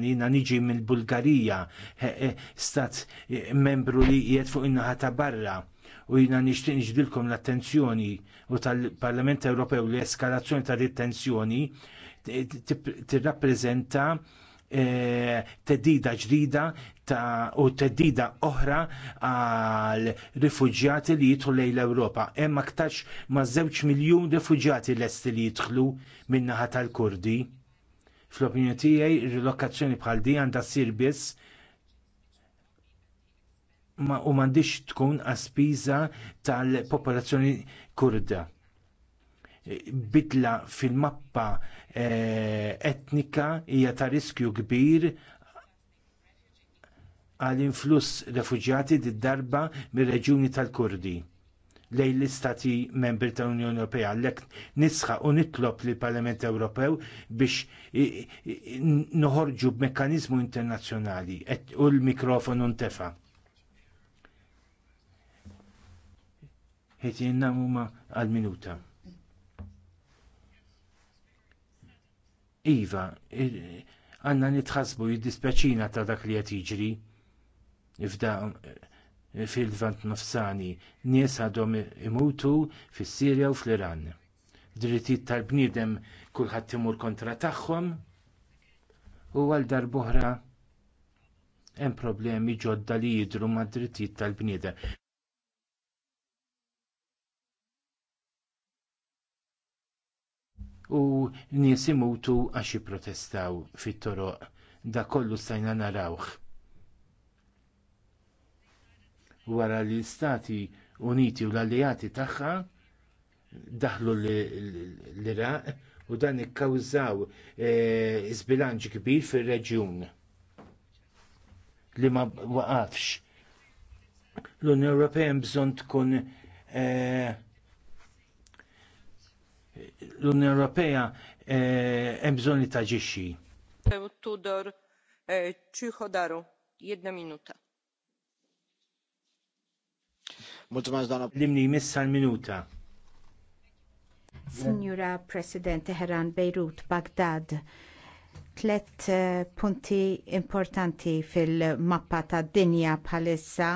Jina niġi mill-Bulgarija, stat e, membru li jiet fuq in-naħa ta' barra u jina nixtieq nixdilkom l-attenzjoni u tal-Parlament Ewropew li eskalazzjoni ta' detenzjoni tirrappreżenta e, teddida ġdida u teddida oħra għal rifuġjati li jidħlu lejn l-Ewropa. Hemm aktarx ma' żewġ miljun rifuġjati lesti li jidħlu min-naħa tal-Kurdi Fl-opinjoni tiegħi ir-rilokazzjoni bħal di għandha ssir biss ma u m'għandix tkun għaspiża tal-popolazzjoni kurda. Bidla fil-mappa eh, etnika hija ta' riskju kbir għal influss refuġjati d-darba mir-reġjuni tal-Kurdi lejn l-istati membri tal-Unjoni Ewropea. għalhekk nisħa u nitlob li parlament Ewropew biex noħorġu b'mekkaniżmu internazzjonali u l-mikrofonu ntefa. Ħiet jenna huma għal-minuta. Iva, għanna nitħasbu jiddispeċina ta' dak li qed jiġri Ifda, fil-vant nofsani, nies għadhom imutu fis-Sirja u fl-Iran. Drittijiet tal-bniedem kulħadd imur kontra tagħhom u għal darb'oħra hemm problemi ġodda li jidhru mad-drittijiet tal-bniedem. U nies imutu għax jipprotestaw fit-toroq. Da kollu stajna narawh wara li l-Stati Uniti u l-Alleati tagħha daħlu l-Iraq u dan ikkawżaw żbilanġ e, kbir fir-reġjun li ma waqafx. L-Unjoni Ewropea bżonn tkun e, l-Unjoni Ewropea e, hemm bżonn li taġixxi. Tudor Ċiħodaru, jedna minuta. minuta Signora President Teheran, Beirut, Baghdad, tlet eh, punti importanti fil-mappa tad dinja bħalissa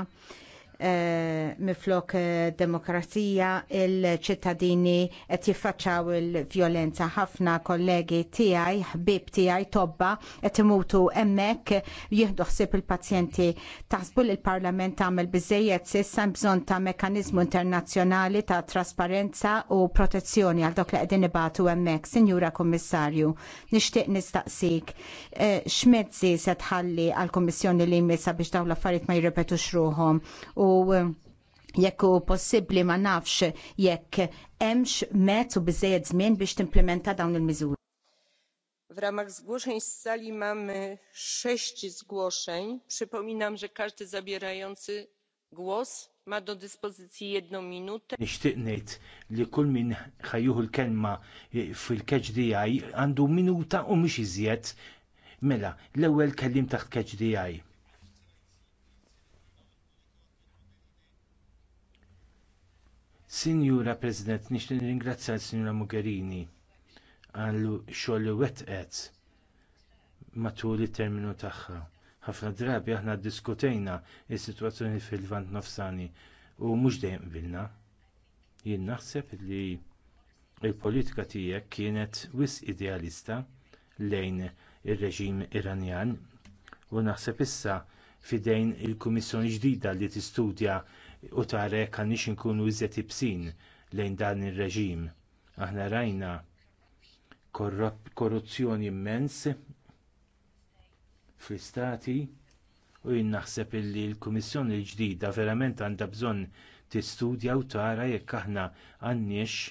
Eh, miflok eh, demokrazija il-ċittadini qed jiffaċċaw il-vjolenza ħafna kollegi tiegħi, ħbib tiegħi tobba qed imutu hemmhekk jieħdu ħsieb il-pazjenti. Taħsbu li l-Parlament tagħmel biżejjed s'issa bżonn ta' mekkaniżmu internazzjonali ta' trasparenza u protezzjoni għal dok li qegħdin ibatu hemmhekk. Sinjura Kummissarju, nixtieq nistaqsik eh, x'mezzi se tħalli għall kummissjoni li jmissa biex dawn l-affarijiet ma jirrepetux ruhom u u um, jekk u possibli ma nafx jekk hemmx met u biżejjed żmien biex timplementa dawn il-miżuri. W ramach zgłoszeń z sali mamy sześć zgłoszeń. Przypominam, że każdy zabierający głos ma do dyspozycji jedną minutę. Nishtiqnit li kull min ħajjuħu l-kelma fil-catch għandu minuta u mhix iżjed. Mela, l ewel kellim taħt catch Sinjura President, nixtieq nirringrazzja l-Sinjura Mogherini għal xogħol li wettqet matul it-terminu tagħha. Ħafna drabi aħna ddiskutejna s-sitwazzjoni fil-Vant Nofsani u mhux dejjem bilna. Jien naħseb li l politika tiegħek kienet wisq idealista lejn ir-reġim Iranjan u naħseb issa fidejn il-Kummissjoni ġdida li tistudja u tarek għannix inkunu iżjed ibsin lejn dan ir-reġim. Aħna rajna korruzzjoni immens fl-istati u jien naħseb illi l-Kummissjoni l-ġdida verament għandha bżonn tistudja u tara jekk aħna għandniex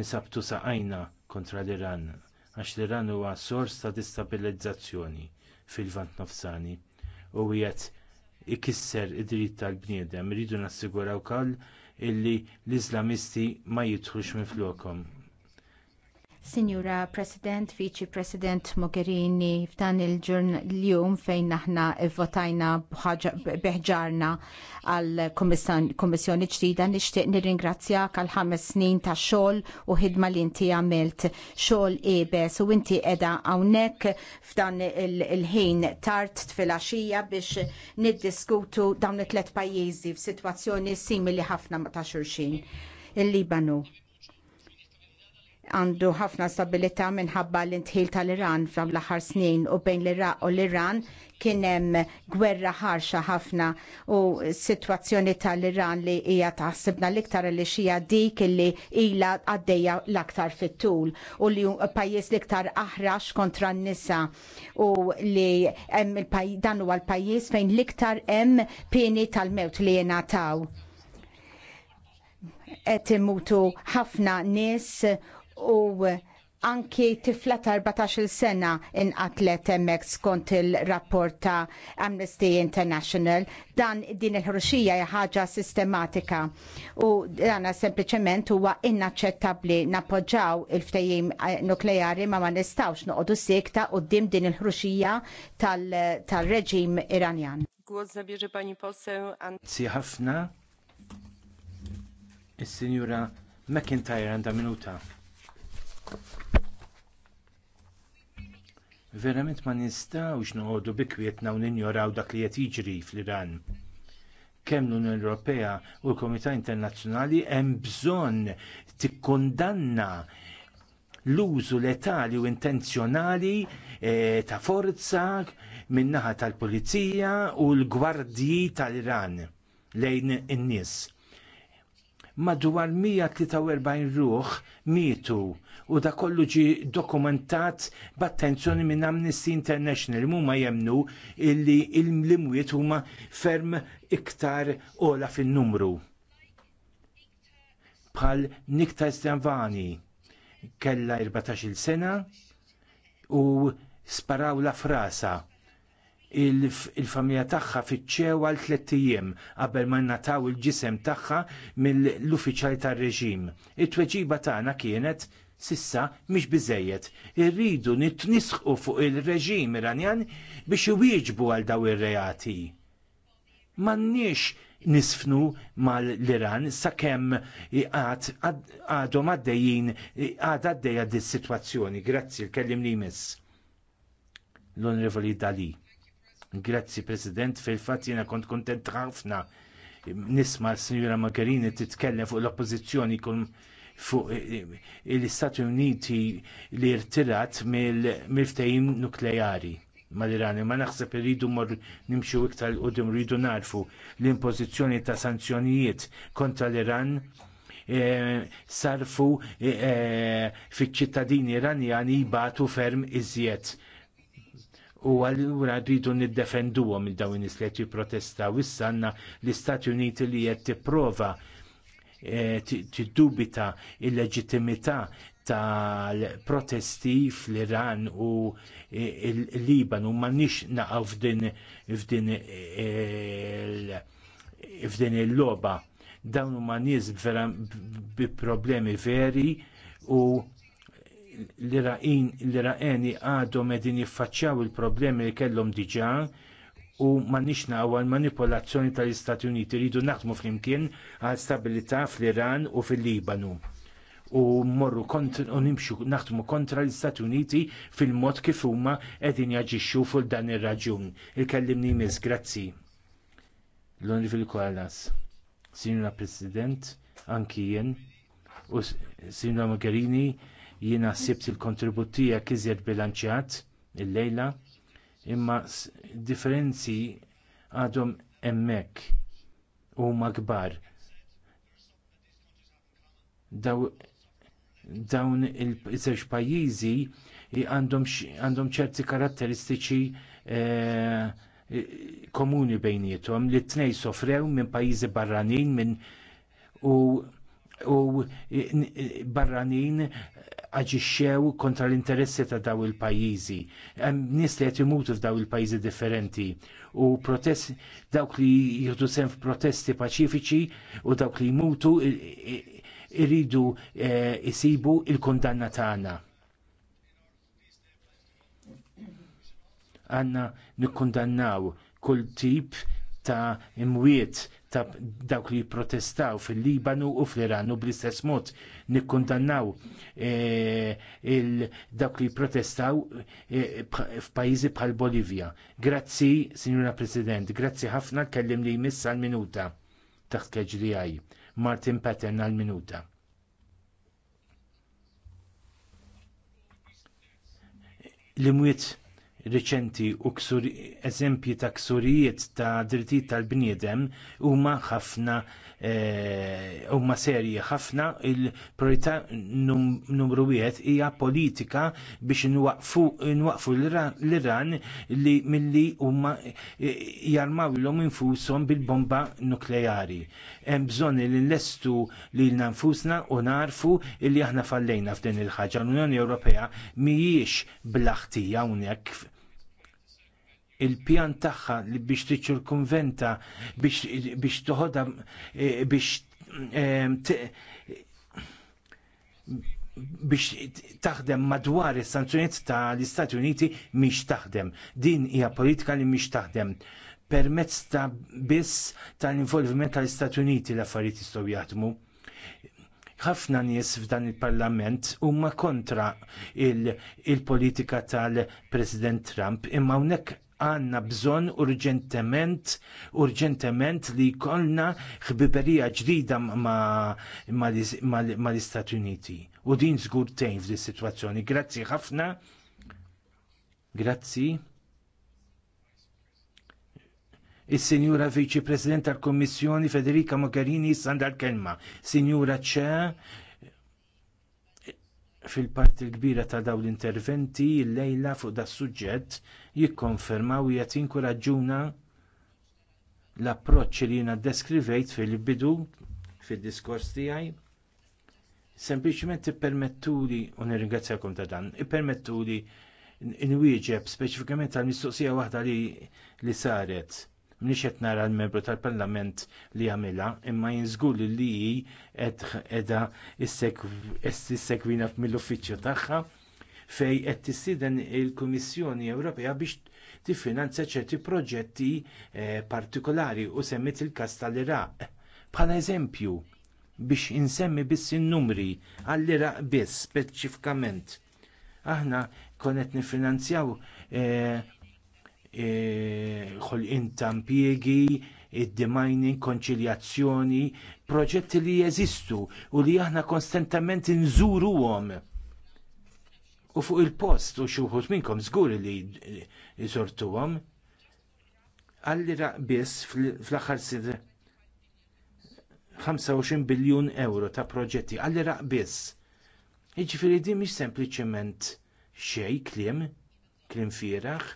insabtu saqajna kontra l-Iran għax l-Iran huwa sors ta' distabilizzazzjoni fil-vant nofsani u jgħet ikisser id-dritt tal-bniedem. irridu nassiguraw ukoll illi l iżlamisti ma jidħlux minn Sinjura President, Viċi President Mogherini, f'dan il-ġurn l-jum fejn aħna votajna beħġarna għal kommissjoni ġdida nixtieq nirringrazzjak għal ħames snin ta' xogħol u ħidma li inti għamilt xogħol ebes u inti qiegħda hawnhekk f'dan il-ħin tard tfilaxija biex niddiskutu dawn it-tlet pajjiżi f'sitwazzjoni simili ħafna ta' xulxin. Il-Libanu, għandu ħafna stabilità minħabba l-intħil tal-Iran fl aħħar snin u bejn l-Iraq u l-Iran kien hemm gwerra ħarxa ħafna u s-sitwazzjoni tal-Iran li hija taħsibna l-iktar li xija dik illi ilha għaddejja l-aktar fit-tul u li pajjiż l-iktar aħrax kontra n-nisa u li hemm dan huwa l-pajjiż fejn l-iktar hemm pieni tal-mewt li jingħataw qed imutu ħafna nies u anki tifla ta' 14 sena inqatlet emmek skont il-rapport ta' Amnesty International dan din il-ħruxija ħaġa sistematika u dan sempliċement huwa inaċċettabbli napoġġaw il ftejim nukleari ma ma nistgħux noqogħdu sikta quddiem din il-ħruxija tal-reġim tal Iranjan. Głos zabierze pani poseł An... ħafna is-Sinjura McIntyre għandha minuta. Verament ma nistgħux noqogħdu kwietna u ninjoraw dak li qed jiġri fl-Iran. Kemm l-Unjoni Ewropea u l-Komunità Internazzjonali hemm bżonn tikkundanna l-użu letali u intenzjonali e, ta' forza min-naħa tal-Pulizija u l-Gwardji tal-Iran lejn in-nies madwar 143 ruħ mietu u da kollu ġi dokumentat b'attenzjoni minn Amnesty International huma jemnu illi l limwiet huma ferm iktar ola fin-numru bħal Nikta Stjanvani kellha 14-il sena u sparawla frasa il-familja tagħha fiċċew għal tliet ijiem qabel ma nataw il-ġisem tagħha mill-uffiċjali tar-reġim. It-tweġiba tagħna kienet sissa mhix biżejjed. Irridu nitnisħu fuq il-reġim Iranjan biex iwieġbu għal daw ir-reati. M'għandniex nisfnu mal-Iran sakemm għadhom għaddejjin għadha għaddejja dis-sitwazzjoni. Grazzi, l-kellim li jmiss l-Onorevoli Dali. Grazzi President, fil-fatt jiena kont kontent ħafna nisma s-Sinjura Magherini titkellem fuq l-oppożizzjoni kun fuq eh, l-Istati Uniti li rtirat mill-ftehim nukleari mal-Irani. Ma naħseb rridu mor nimxu iktar l-qudiem rridu narfu l-impożizzjoni ta' sanzjonijiet kontra l-Iran eh, sarfu eh, fi ċittadini iranjani batu ferm iżjed u għallura rridu niddefenduhom il dawn nies li qed jipprotestaw issa l-Istati Uniti li qed tipprova eh, tiddubita l leġittimità tal-protesti fl-Iran u eh, l-Liban u m'għandniex naqgħu eh, f'din il-logħba. Dawn huma nies bi problemi veri u l-Iraqeni għadhom qegħdin jiffaċċjaw il-problemi li kellhom diġà u ma nixna għal manipolazzjoni tal-Istati Uniti rridu naħdmu flimkien għal stabilità fl-Iran u fil-Libanu u morru kontra u nimxu naħdmu kontra l-Istati Uniti fil-mod kif huma qegħdin jaġixxu fuq dan ir-raġun. Il-kellimni miss, grazzi. l fil Koalas, Sinjora President, anki jien, u Sinjora Mogherini, jiena sibt il-kontribut tiegħek iżjed bilanċjat illejla imma differenzi għadhom hemmhekk huma kbar. dawn il-żewġ pajjiżi għandhom ċerti karatteristiċi eh, komuni bejniethom li t tnejn sofrew minn pajjiżi barranin minn u u barranin aġixxew kontra l-interessi ta' daw il-pajjiżi. Nis li qed f'daw il-pajjiżi differenti u protest dawk li jieħdu sem f'protesti paċifiċi u dawk li jmutu iridu e, isibu il-kondanna tagħna. Għanna nikkundannaw kull tip ta' imwiet ta' dawk li jipprotestaw fil-Libanu u fl-Iran u bl-istess mod nikkundannaw eh, dawk li jipprotestaw eh, f'pajjiżi bħal Bolivja. Grazzi, Signora President, grazzi ħafna kellim li jmiss għal-minuta taħt KGDI. Martin Patten għal-minuta. L-imwiet riċenti u ksur eżempji ta' ksurijiet ta' drittijiet tal-bniedem huma ħafna eh, huma serji ħafna il-priorità numru wieħed hija politika biex nwaqfu l-Iran li milli huma eh, jarmawlhom infushom bil-bomba nukleari. Hemm bżonn li nlestu lilna nfusna u narfu li aħna fallejna f'din il-ħaġa. L-Unjoni Ewropea mhijiex blaħtija hawnhekk il-pjan tagħha li biex tiċċirkunventa biex biex toħodha eh, biex ehm, biex taħdem madwar is-sanzjonijiet tal istati Uniti mhix taħdem. Din hija politika li mhix taħdem permezz ta' biss tal-involviment tal-Istati Uniti l-affarijiet jistgħu jaħdmu. Ħafna nies f'dan il-Parlament huma kontra il-politika il politika tal president Trump imma hawnhekk għanna bżon urġentement, urġentement li jkollna ħbiberija ġdida ma, ma, ma, ma l-Istati Uniti. U din żgur tejn f'dis situazzjoni. Grazzi ħafna. Grazzi. Is-Sinjura Viċi President tal-Kommissjoni Federica Mogherini sandal kelma. Sinjura Ċe, fil-parti l-kbira ta' dawn l-interventi llejla fuq das suġġett jikkonfermaw qed jinkoraġġuna l-approċċ li jiena ddeskrivejt fil-bidu fid-diskors tiegħi sempliċement ippermettuli u nirringrazzjakom ta' dan, ippermettuli nwieġeb speċifikament għall mistoqsija waħda li, li saret Mniex qed nara l-membru tal-Parlament li għamilha, imma jinżgur li hi s segwina mill-uffiċċju tagħha fejn qed tissieden il-Kummissjoni Ewropea biex tiffinanzja ċerti proġetti eh, partikolari u semmit il-każ tal-Iraq. Bħala eżempju, biex insemmi biss in-numri għall-Iraq biss speċifikament. Aħna konet nifinanzjaw eh, Eh, ħolqien ta' impjiegi, id-demining, konċiljazzjoni, proġetti li jeżistu u li aħna konstantament inżuruhom. U fuq il-post u xi wħud minnkom żgur li jżortuhom. Allira biss fl-aħħar sir 25 biljun euro ta' proġetti, allira biss. Jiġifieri din mhix sempliċement xejn kliem, kliem fieraħ,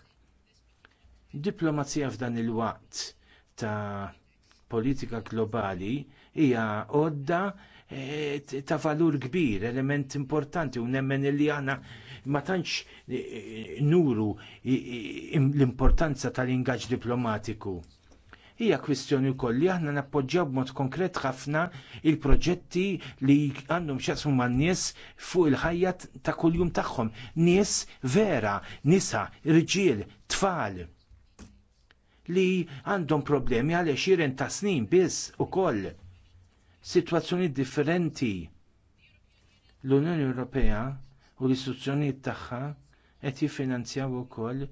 Diplomazija f'dan il-waqt ta' politika globali hija għodda e, ta' valur kbir, element importanti, u nemmen li għana ma tantx e, e, nuru l-importanza tal-ingaġġ diplomatiku. Hija kwistjoni wkoll li aħna nappoġġjaw b'mod konkret ħafna il-proġetti li għandhom x'jaqsmu man-nies fuq il-ħajja ta' kuljum tagħhom. Nies vera, nisa, irġiel, tfal li għandhom problemi għal xiren ta' snin biss ukoll. Sitwazzjonijiet differenti. L-Unjoni Ewropea u l-istituzzjonijiet tagħha qed jiffinanzjaw ukoll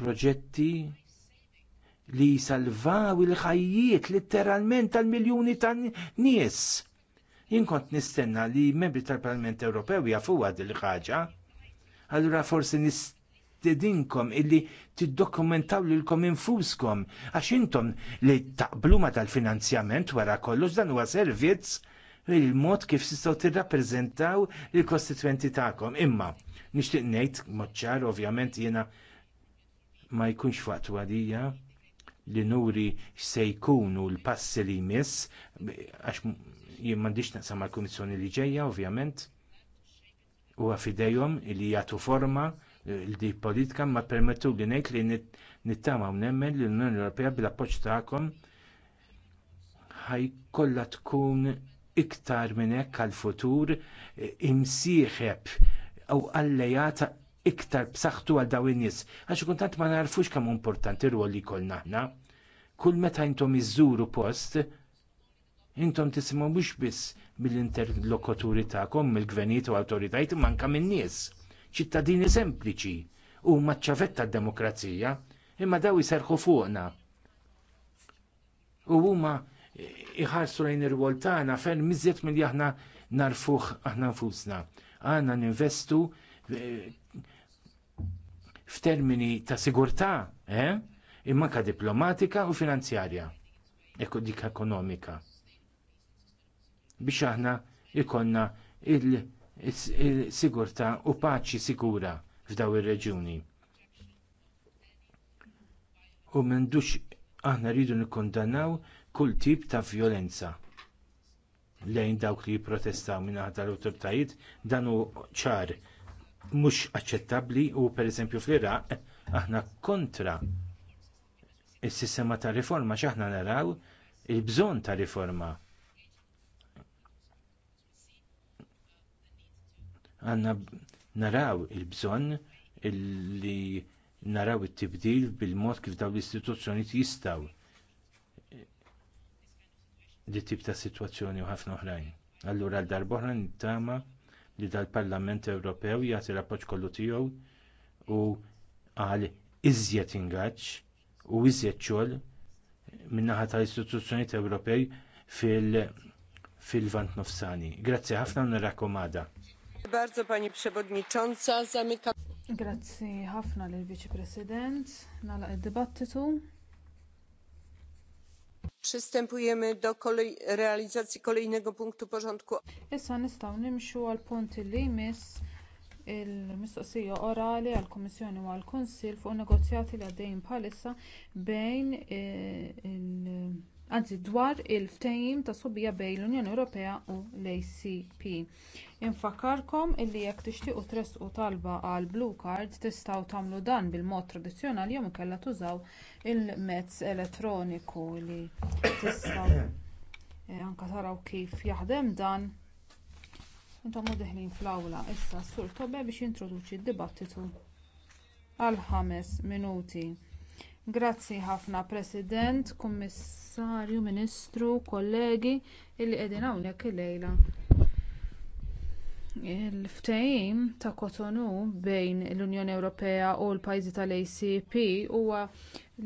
proġetti li jsalvaw il-ħajjiet letteralment tal-miljuni ta' nies. Jien kont nistenna li membri tal-Parlament Ewropew jafuha din il ħaġa. Allura forsi nist nistedinkom illi tiddokumentaw lilkom infuskom għax intom li taqblu ma tal-finanzjament wara kollox dan huwa servizz il-mod kif tistgħu tirrappreżentaw il-kostitwenti tagħkom. Imma nixtieq ngħid moċċar ovvjament jiena ma jkunx waqt għadija li nuri se jkunu l-passi li jmiss, għax jien m'għandix naqsam mal-Kummissjoni li ġejja, ovvjament, huwa fidejhom li jagħtu forma l-di politika ma permettu li ngħid li nittama nemmen li l-Unjoni Ewropea bil-appoġġ tagħkom ħajkollha tkun iktar minn hekk għall-futur e, imsieħeb u allejat iktar b'saħħtu għal dawn in-nies għax kuntant ma narfux kemm importanti rwol li jkollna aħna. Kull meta intom iżżuru post, intom tisimgħu mhux biss mill-interlokuturi tagħkom mill-gvernijiet u awtoritajiet manka minn nies ċittadini sempliċi u maċċavetta d-demokrazija imma daw jiserħu fuqna. U huma iħarsu lejn ir-rwol tagħna fejn miżiet milli aħna narfuh aħna nfusna. Għandna ninvestu eh, f'termini ta' sigurtà, eh? imma ka diplomatika u finanzjarja, ekku dik ekonomika. Biex aħna ikonna il- sigurta u paċi sigura f'daw ir-reġjuni. U m'għandux aħna rridu nikkondannaw kull tip ta' vjolenza lejn dawk li jipprotestaw minn aħda l-awtoritajiet dan hu ċar mhux aċċettabbli u pereżempju fl-Iraq aħna kontra is-sistema ta' riforma x'aħna naraw il-bżonn ta' riforma Għanna naraw il-bżonn li naraw it-tibdil bil-mod kif dawn l-istituzzjonijiet jistgħu li tip ta' sitwazzjoni u ħafna oħrajn. Allura l darbohra nittama li dal-Parlament Ewropew jagħti l-appoġġ kollu tiegħu u għal iżjed ingaġġ u iżjed xogħol min tal-istituzzjonijiet Ewropej fil-vant nofsani. Grazzi ħafna u nirrakkomada. Grazzi ħafna lil viċi President, nagħlaq id-dibattitu. Przystępujemy do kolej, realizacji kolejnego punktu porządku. Issa nistaw nimxu għal punt li mis il-mistoqsija orali għal komissjoni u għal konsil fuq negozjati li għaddejn palissa bejn eh, il anzi dwar il-ftehim ta' sħubija bejn l-unjoni ewropea u l-acp infakkarkom illi jekk tixtiequ tressqu talba għal blue card tistgħu tagħmlu dan bil-mod tradizzjonali jew inkella tużaw il-mezz elettroniku li tistgħu eh, anke taraw kif jaħdem dan intom hu deħlin fl-awla issa s-sur tobe biex jintroduċi d-dibattitu għal ħames minuti Grazzi ħafna President, Kummissarju, Ministru, kollegi illi qegħdin hawnhekk illejla. Il-ftehim ta' Cotonou bejn l-Unjoni Ewropea u l-pajjiżi tal-ACP huwa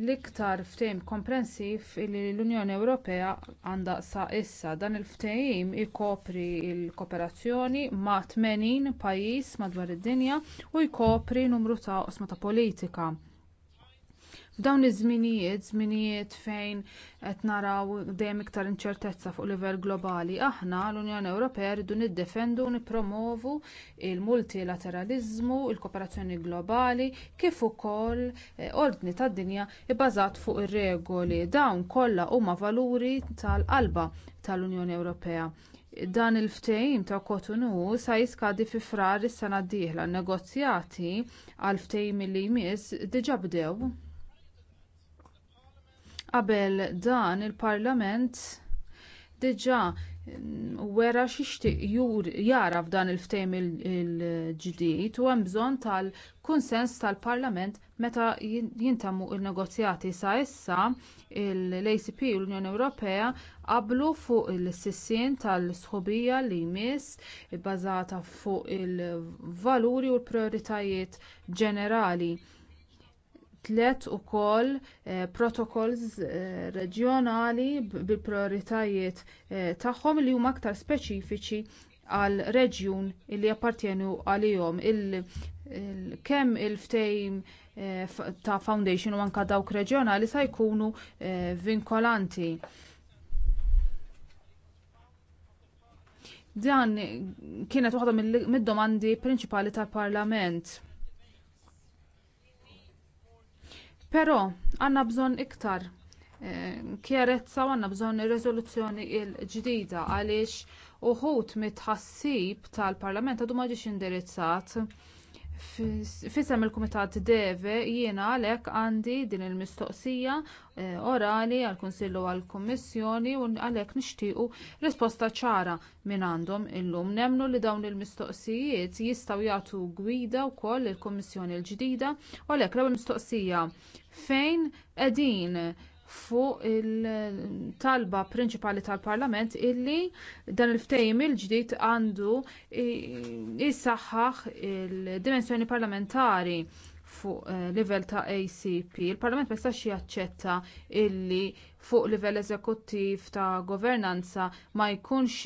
l-iktar ftehim komprensiv li l-Unjoni Ewropea għandha sa issa. Dan il-ftehim ikopri l-kooperazzjoni ma' 80 pajjiż madwar id-dinja u jkopri numru ta' qosma ta' politika F'dawn iż-żminijiet, żminijiet fejn qed naraw dejjem iktar inċertezza fuq livell globali, aħna l-Unjoni Ewropea rridu niddefendu u nippromovu l multilateraliżmu il-kooperazzjoni globali kif ukoll eh, ordni tad-dinja bbażat fuq ir-regoli. Dawn kollha huma valuri tal-qalba tal-Unjoni Ewropea dan il-ftehim ta' cotonou sa jiskadi fi frar is-sena d-dieħla n-negozjati għal ftehim li jmiss diġà bdew Qabel dan il-Parlament diġà mm, wera xixtieq jur jara f'dan il-ftehim il-ġdid u hemm bżonn tal-kunsens tal-Parlament meta jintemmu n-negozjati sa issa l-acp u l-unjoni ewropea qablu fuq il-sissien tal-sħubija li jmiss bbażata fuq il-valuri u l-prijoritajiet ġenerali tlet ukoll eh, protokolls eh, reġjonali bi prioritajiet eh, tagħhom li huma aktar speċifiċi għal reġjun li jappartjenu għalihom kemm il-ftehim ta' foundation u anke dawk reġjonali se jkunu vinkolanti. Dan kienet waħda mid-domandi prinċipali tal-Parlament. Però għandna bżonn iktar kjerezza eh, u għandna bżonn rezoluzzjoni il l-ġdida għaliex uħut mit tal-Parlament għadu ma indirizzat Fisem il-Kumitat Deve jiena għalhekk għandi din il-mistoqsija eh, orali għall kunsillu għall kummissjoni u għalhekk nixtiequ risposta ċara minn għandhom illum. Nemnu li dawn il-mistoqsijiet jistgħu jagħtu gwida wkoll il-Kummissjoni l-ġdida u għalhekk l-ewwel mistoqsija fejn qegħdin fuq il-talba prinċipali tal-Parlament illi dan il-ftehim il-ġdid għandu jissaħħaħ il-dimensjoni parlamentari fuq eh, livell ta' ACP. Il-Parlament ma jistax jaċċetta illi fuq livell eżekuttiv ta' governanza ma jkunx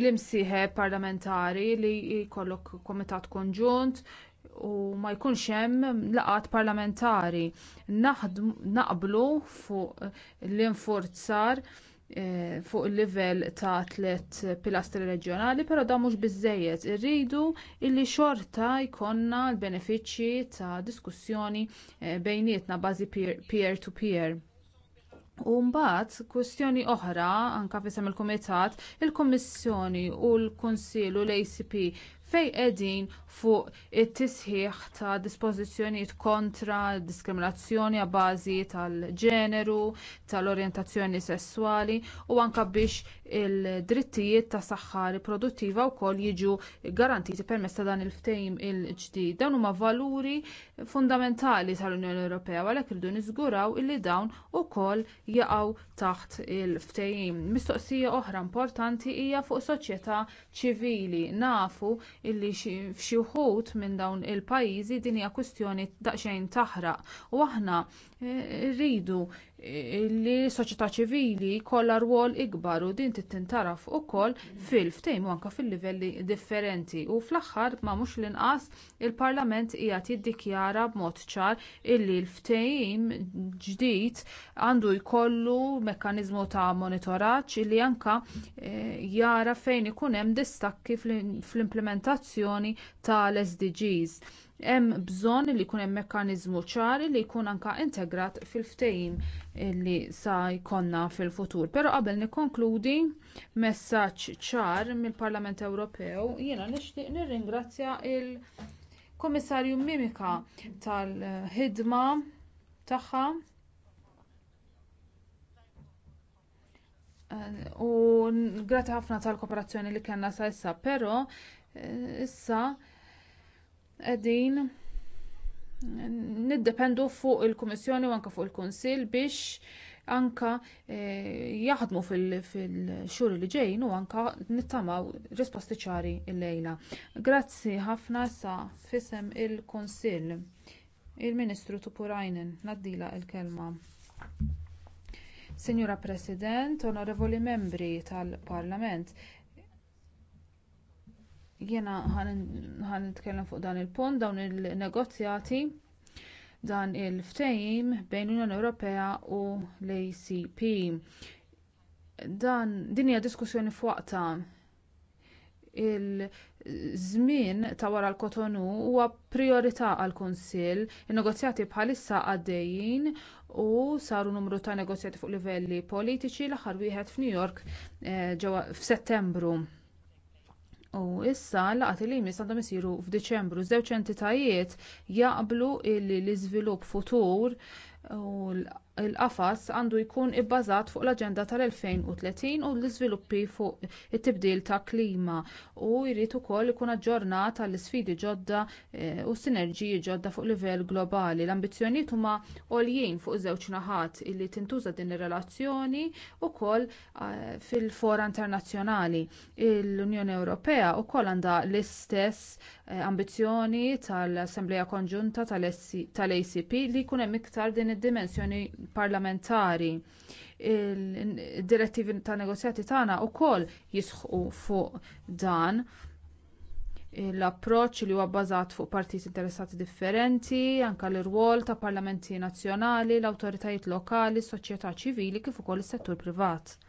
l-imsieħeb parlamentari li jkollok komitat konġunt u ma jkunx hemm laqat parlamentari. Naqblu fuq l-infurzar eh, fuq il-livell ta' tliet pilastri reġjonali, però da mhux biżżejjed irridu illi xorta jkollna l-benefiċċji ta' diskussjoni eh, bejnietna bażi peer-to-peer. U mbagħad kwistjoni oħra anke fisem il-Kumitat, il-Kummissjoni u l-Kunsill u l-ACP fejn qegħdin fuq it-tisħiħ ta' dispożizzjonijiet kontra d diskriminazzjoni a bażi tal-ġeneru, tal-orjentazzjoni sesswali u anke biex il-drittijiet ta' saħħa riproduttiva wkoll jiġu garantiti permezz ta' dan il-ftehim il-ġdid. Dawn huma valuri fundamentali tal-Unjoni Ewropea għalhekk iridu niżguraw illi dawn ukoll jaqgħu taħt il-ftehim. Mistoqsija oħra importanti hija fuq soċjetà ċivili. Nafu illi f'xi wħud minn dawn il-pajjiżi din hija kwistjoni daqsxejn taħraq u aħna rridu li soċjetà ċivili jkollha rwol ikbar u din tintaraf ukoll fil-ftehim u anke fil-livelli differenti u fl-aħħar ma mhux l-inqas il-Parlament qiegħed jiddikjara b'mod ċar illi l-ftehim ġdid għandu jkollu mekkaniżmu ta' monitoraġġ li anke eh, jara fejn ikun hemm distakki fl-implementazzjoni tal-SDGs hemm bżonn li jkun hemm mekkaniżmu ċari li jkun anke integrat fil-ftehim li sa jkollna fil-futur. Però qabel nikkonkludi messaġġ ċar mill-Parlament Ewropew jiena nixtieq nirringrazzja l kummissarju Mimika tal-ħidma tagħha u grata ħafna tal-kooperazzjoni li kellna sa issa, però eh, issa għedin niddependu fuq il-Kummissjoni u anke fuq il-Kunsill biex anke eh, jaħdmu fil-xhur li ġejn u anke nittamaw risposti ċari il-lejla. Grazzi ħafna sa fisem il-Kunsill. Il-Ministru Tupurajnen, naddila l kelma Sinjura President, onorevoli membri tal-Parlament, Jiena ħan nitkellem fuq dan il pont dawn il-negozjati dan il-ftehim bejn l-Unjoni Ewropea u l-ACP. Dan din hija diskussjoni f'waqta il-żmien ta' wara l-Kotonu huwa priorità għall kunsill in-negozjati bħalissa għaddejjin u saru numru ta' negozjati fuq livelli politiċi l-aħħar wieħed f'New York eh, ġewwa f'Settembru. U issa laqat li jmiss għandhom isiru f'Diċembru żewġ entitajiet jaqblu li l-iżvilupp futur u l- il-qafas għandu jkun ibbażat fuq l-aġenda tal-2030 u l-iżviluppi fuq it-tibdil tal-klima u jrid ukoll ikun aġġornat għall isfidi ġodda eh, u sinerġiji ġodda fuq livell globali. L-ambizzjonijiet huma għoljin fuq żewġ naħat illi tintuża din ir-relazzjoni wkoll eh, fil-fora internazzjonali. L-Unjoni Ewropea wkoll għandha l-istess Eh, ambizzjoni tal-Assembleja Konġunta tal-ACP li jkun hemm iktar din id-dimensjoni parlamentari. Id-direttivi tan negozjati tagħna wkoll jisħu fuq dan l-approċċ li huwa bbażat fuq partit interessati differenti, anke l-irwol ta' parlamenti nazzjonali, l-awtoritajiet lokali, s-soċjetà ċivili kif ukoll is-settur privat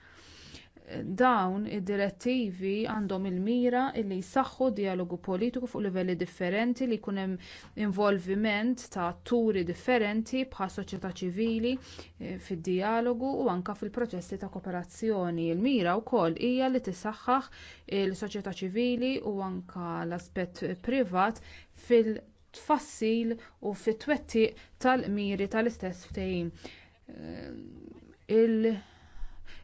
dawn id-direttivi għandhom il-mira li jsaħħu dijalogu politiku fuq livelli differenti li jkun hemm involviment ta' atturi differenti bħal soċjetà ċivili eh, fid djalogu u anke fil-proċessi ta' kooperazzjoni. Il-mira wkoll hija li tisaħħaħ il-soċjetà ċivili u anke l-aspett privat fil-tfassil u fit-twettiq tal-miri tal-istess ftehim eh,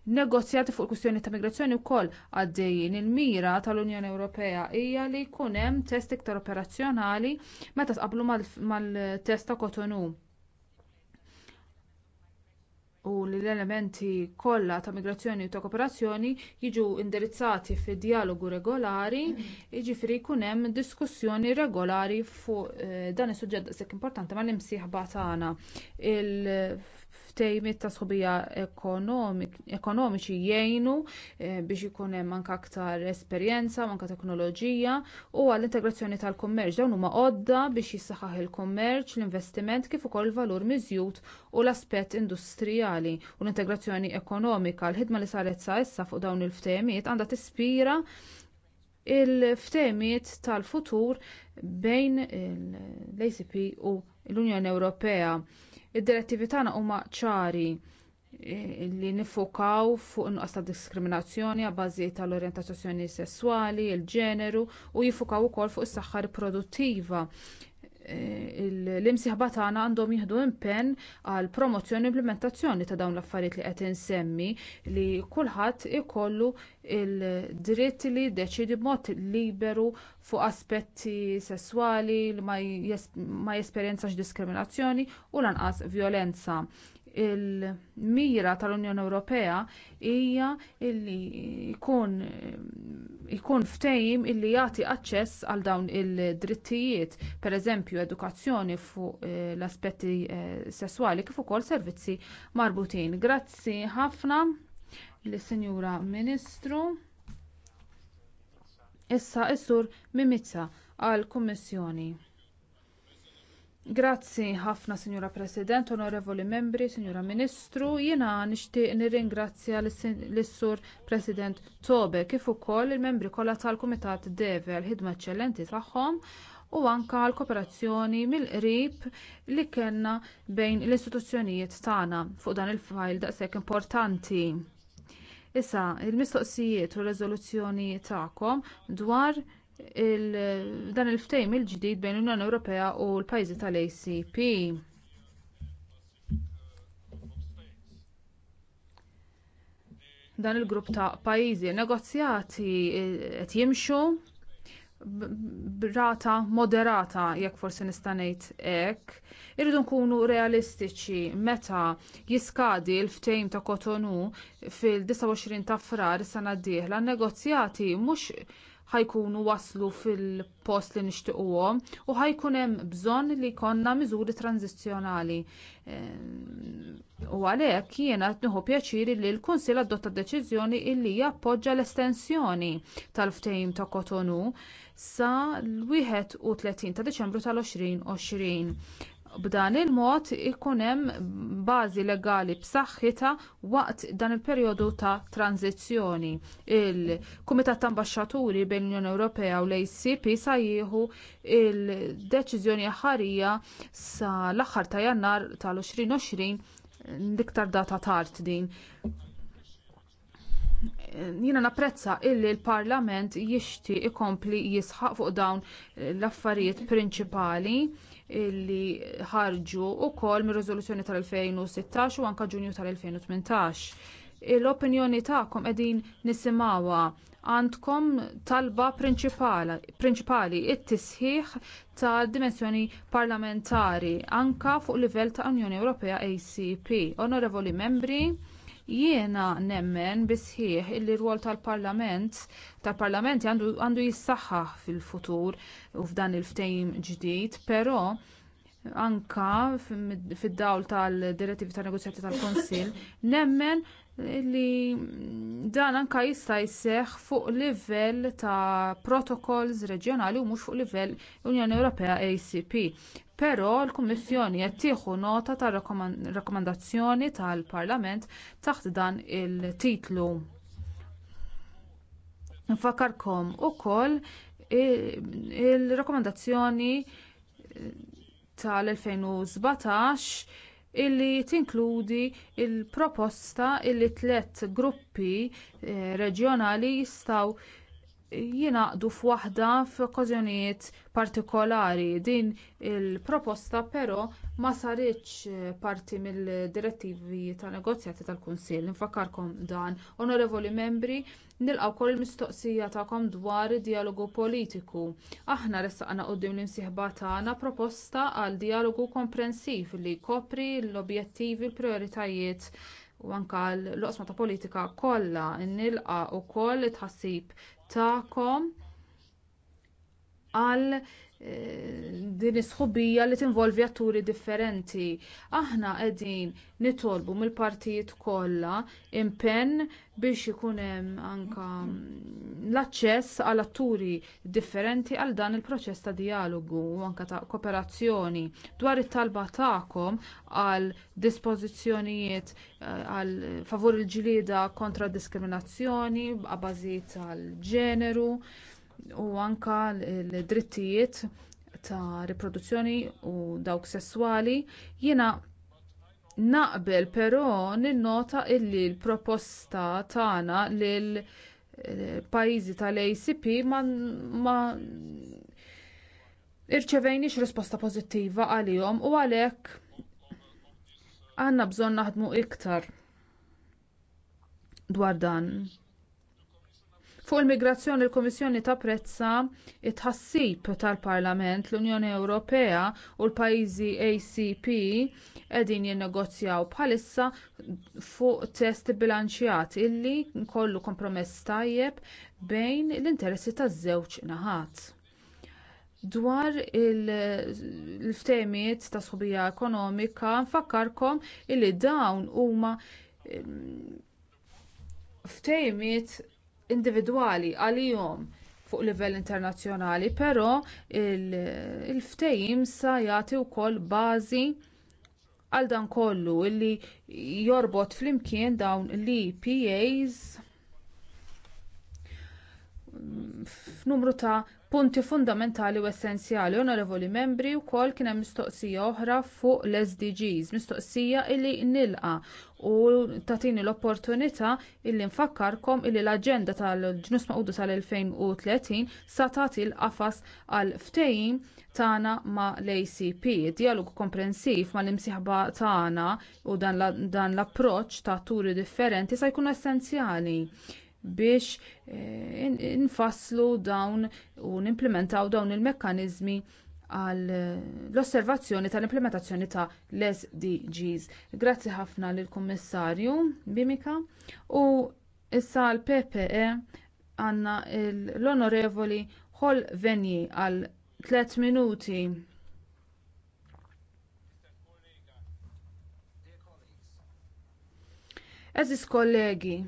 Negozjati fuq il kwistjoni ta' migrazzjoni wkoll għaddejjin il-mira tal-Unjoni Ewropea hija li jkun hemm test iktar operazzjonali meta tqabblu mal-test ta' Cotonou. U li l-elementi kollha ta' migrazzjoni u ta' kooperazzjoni jiġu indirizzati fid dialogu regolari, jiġifieri jkun hemm diskussjoni regolari fuq eh, dan is-suġġett sekk importanti mal-imsieħba tagħna ftejmit ta' sħobija ekonomiċi jgħinu eh, biex ikun hemm anke aktar esperjenza u anke teknoloġija u għall-integrazzjoni tal-kummerċ dawn huma għodda biex jissaħħaħ il-kummerċ, l-investiment kif ukoll valur miżjud u l-aspett industrijali u l-integrazzjoni ekonomika. L-ħidma li saret sa issa fuq dawn il-ftejmiet għandha tispira il-ftehmiet tal-futur bejn l-acp u l-unjoni ewropea Id-direttivi tagħna huma ċari eh, li nifokaw fuq nuqqas ta' diskriminazzjoni għabbażi tal-orjentazzjoni sesswali, il-ġeneru u jiffukaw ukoll fuq is-saħħa riproduttiva. Eh, l imsieħba tagħna għandhom jieħdu impenn għal promozzjoni u implementazzjoni ta' dawn l-affarijiet li qed insemmi li kulħadd ikollu l dritt li jiddeċiedi b'mod liberu fuq aspetti sesswali li ma jesperjenzax diskriminazzjoni u lanqas vjolenza il-mira tal-Unjoni Ewropea hija li jkun ikun ftehim illi jagħti aċċess għal dawn id drittijiet pereżempju edukazzjoni fuq eh, l-aspetti eh, sesswali kif ukoll servizzi marbutin. Grazzi ħafna lis-Sinjura Ministru. Issa is-Sur Mimizza għall kummissjoni Grazzi ħafna, Sinjura President, Onorevoli Membri, Sinjura Ministru. Jiena nixtieq nirringrazzja l-Sur President Tobe kif ukoll il-membri kollha tal-Kumitat Deve l-ħidma eċċellenti tagħhom u anke l-kooperazzjoni mill-qrib li kellna bejn l-istituzzjonijiet tagħna fuq dan il-fajl daqshekk importanti. Issa, il-mistoqsijiet u r-reżoluzzjoni tagħkom dwar dan il-ftehim il-ġdid bejn l-Unjoni Ewropea u l-pajjiżi tal-ACP. Dan il-grupp ta' pajjiżi negozjati eh, qed jimxu b'rata moderata jekk forsi nista' ngħid hekk. Irridu nkunu realistiċi meta jiskadi l-ftehim ta' Kotonu fil-29 ta' frar is-sena d-dieħla, negozjati mhux ħajkunu waslu fil-post li nixtiequhom u ħajkun hemm bżonn li jkollna miżuri tranzizzjonali. Ehm, u għalhekk jiena qed nieħu pjaċiri li l-Kunsill adotta deċiżjoni li jappoġġa l-estensjoni tal-ftehim ta' Kotonu sa l-31 ta' Deċembru tal-2020 b'dan il-mod ikun hemm bażi legali b'saħħitha waqt dan il-perjodu ta' tranzizzjoni. Il-Kumitat ta' Ambaxxaturi bejn l-Unjoni Ewropea u l-ACP sa jieħu il-deċiżjoni ħarija sa l-aħħar ta' Jannar tal-2020 l-iktar data tard din. Jiena napprezza illi l-Parlament jixtieq ikompli jisħaq fuq dawn l-affarijiet prinċipali illi ħarġu wkoll mir-riżoluzzjoni tal-2016 u anke Ġunju tal-2018. L-opinjoni tagħkom qegħdin nisimawa għandkom talba prinċipali it-tisħiħ ta' dimensjoni parlamentari anke fuq livell ta' Unjoni Ewropea ACP. Onorevoli membri, Jiena nemmen bisħieħ illi rwol tal-Parlament tal-Parlamenti għandu jissaħħaħ fil-futur u f'dan il-ftejm ġdid, però anka fid-dawl tal-direttivi tan negozjati tal-Konsil, nemmen li dan anke jista' jseħħ fuq livell ta' protokolls reġjonali u mhux fuq livell Unjoni Ewropea ACP. Però l-Kummissjoni qed tieħu nota tar rakkomandazzjoni tal-Parlament taħt dan il-titlu. Nfakarkom ukoll il-rakkomandazzjoni tal-2017 illi tinkludi l proposta proposta t tliet gruppi eh, reġjonali jistgħu jinaqdu f'waħda f'okkażjonijiet partikolari. Din il-proposta però ma saritx parti mill-direttivi tan negozjati tal-Kunsill. Nfakkarkom dan, onorevoli membri, nilqgħu wkoll il-mistoqsija tagħkom dwar id dialogu politiku. Aħna ressaqna quddiem l-imsieħba tagħna proposta għal dijalogu komprensiv li jkopri l-objettivi, l-prijoritajiet u anke l-oqsma ta' politika kollha nilqa' wkoll it tħassib tagħkom għal din is-sħubija li tinvolvi atturi differenti. Aħna qegħdin nitolbu mill-partijiet kollha impenn biex ikun hemm anke l-aċċess għal atturi differenti għal dan il-proċess ta' dijalogu u anke ta' kooperazzjoni dwar it-talba tagħkom għal dispożizzjonijiet eh, għal favur il-ġlieda kontra d diskriminazzjoni b'bażi tal-ġeneru u anke l-drittijiet ta' riproduzzjoni u dawk sesswali jiena naqbel però ninnota illi l-proposta tagħna lil eh, pajjiżi tal-ACP ma, ma irċevejniex risposta pożittiva għalihom u għalhekk għandna bżonn naħdmu iktar dwar dan Fuq il-migrazzjoni il-Kummissjoni tapprezza t tħassib tal-Parlament l-Unjoni Ewropea u l-pajjiżi ACP qegħdin jinnegozjaw bħalissa fuq test bilanċjat illi kollu kompromess tajjeb bejn l-interessi taż-żewġ naħat. Dwar il-ftemiet ta' sħubija ekonomika, nfakkarkom illi dawn huma ehm, ftemiet individwali għalihom fuq livell internazzjonali, però il-ftehim sa jagħti wkoll bażi għal dan kollu li jorbot flimkien dawn l-EPAs f'numru ta' punti fundamentali u essenzjali. Onorevoli membri wkoll kien hemm mistoqsija oħra fuq l-SDGs, mistoqsija li nilqa u tatini l-opportunità illi nfakkarkom illi l-aġenda tal-ġnus maqudu tal-2030 sa tagħti l-qafas għal ftehim tagħna mal acp dialogu komprensiv mal-imsieħba tagħna u dan l-approċċ ta' turi differenti se jkun essenzjali biex eh, infasslu dawn u nimplementaw dawn il-mekkaniżmi għal eh, l-osservazzjoni tal-implementazzjoni ta' l-SDGs. Grazzi ħafna lill kummissarju Bimika u issa l-PPE għandna l-onorevoli Hol Venji għal 3 minuti. Eżis kollegi,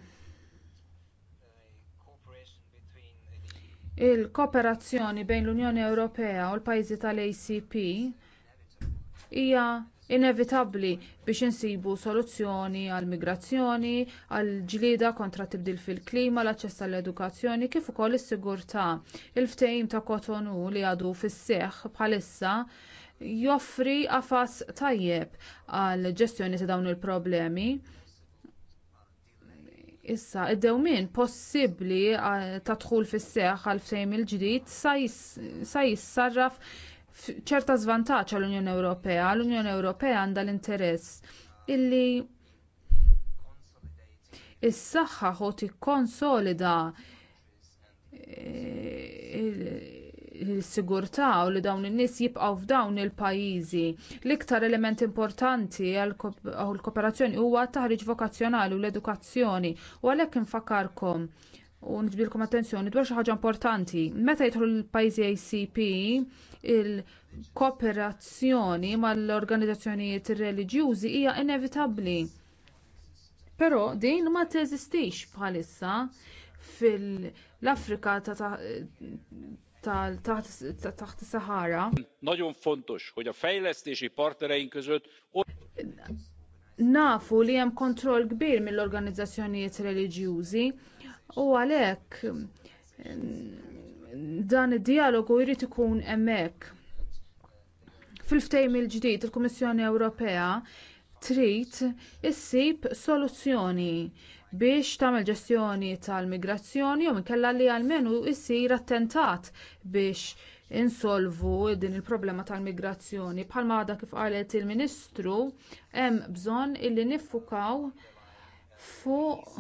il-kooperazzjoni bejn l-unjoni ewropea u l-pajjiżi tal-acp hija inevitabbli biex insibu soluzzjoni għall-migrazzjoni għall-ġlieda kontra t-tibdil fil-klima l-aċċess għall-edukazzjoni kif ukoll is-sigurtà il-ftehim ta' cotonou li għadu fis-seħħ bħalissa joffri qafas tajjeb għall ġestjoni ta' dawn il-problemi Issa, id-dewmien possibbli eh, ta' dħul fis seħħ għal fejm il-ġdid sa jissarraf ċerta żvantaġġ għall unjoni Ewropea. L-Unjoni Ewropea għandha l-interess illi is-saħħa ħod ikkonsolida eh, sigurtà u li dawn in-nies jibqgħu f'dawn il-pajjiżi. L-iktar element importanti għall kooperazzjoni huwa t-taħriġ vokazzjonali u l-edukazzjoni u għalhekk infakarkom u nġbilkom attenzjoni dwar xi ħaġa importanti. Meta jidħlu l-pajjiżi ACP il-kooperazzjoni mal-organizzazzjonijiet reliġjużi hija inevitabbli. Però din ma teżistix bħalissa fil-Afrika ta' tal-taħt is-Sahara. Nagyon fontos, hogy a fejlesztési partnereink között nafu li hemm kontroll kbir mill-organizzazzjonijiet reliġjużi u għalhekk dan id-dialogu jrid ikun hemmhekk. Fil-ftejm il-ġdid il-Kummissjoni Ewropea trid issib soluzzjoni biex tagħmel ġestjoni tal-migrazzjoni jew inkella li għalmenu jsir attentat biex insolvu din il-problema tal-migrazzjoni. Bħalma għadha kif qalet il-Ministru hemm bżonn illi niffukaw fuq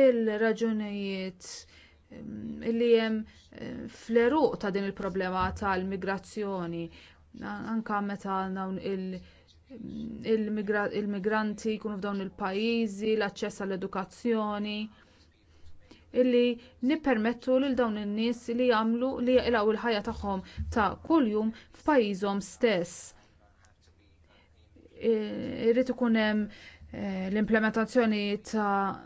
il-raġunijiet mm, li hemm eh, fl ta' din il-problema tal-migrazzjoni anke meta dawn il- il-migranti jkunu f'dawn il-pajjiżi, l-aċċess għall-edukazzjoni illi nippermettu lil dawn in-nies li jagħmlu li jaqilgħu il-ħajja tagħhom ta' kuljum f'pajjiżhom stess. Irrid ikun hemm eh, l-implementazzjoni ta'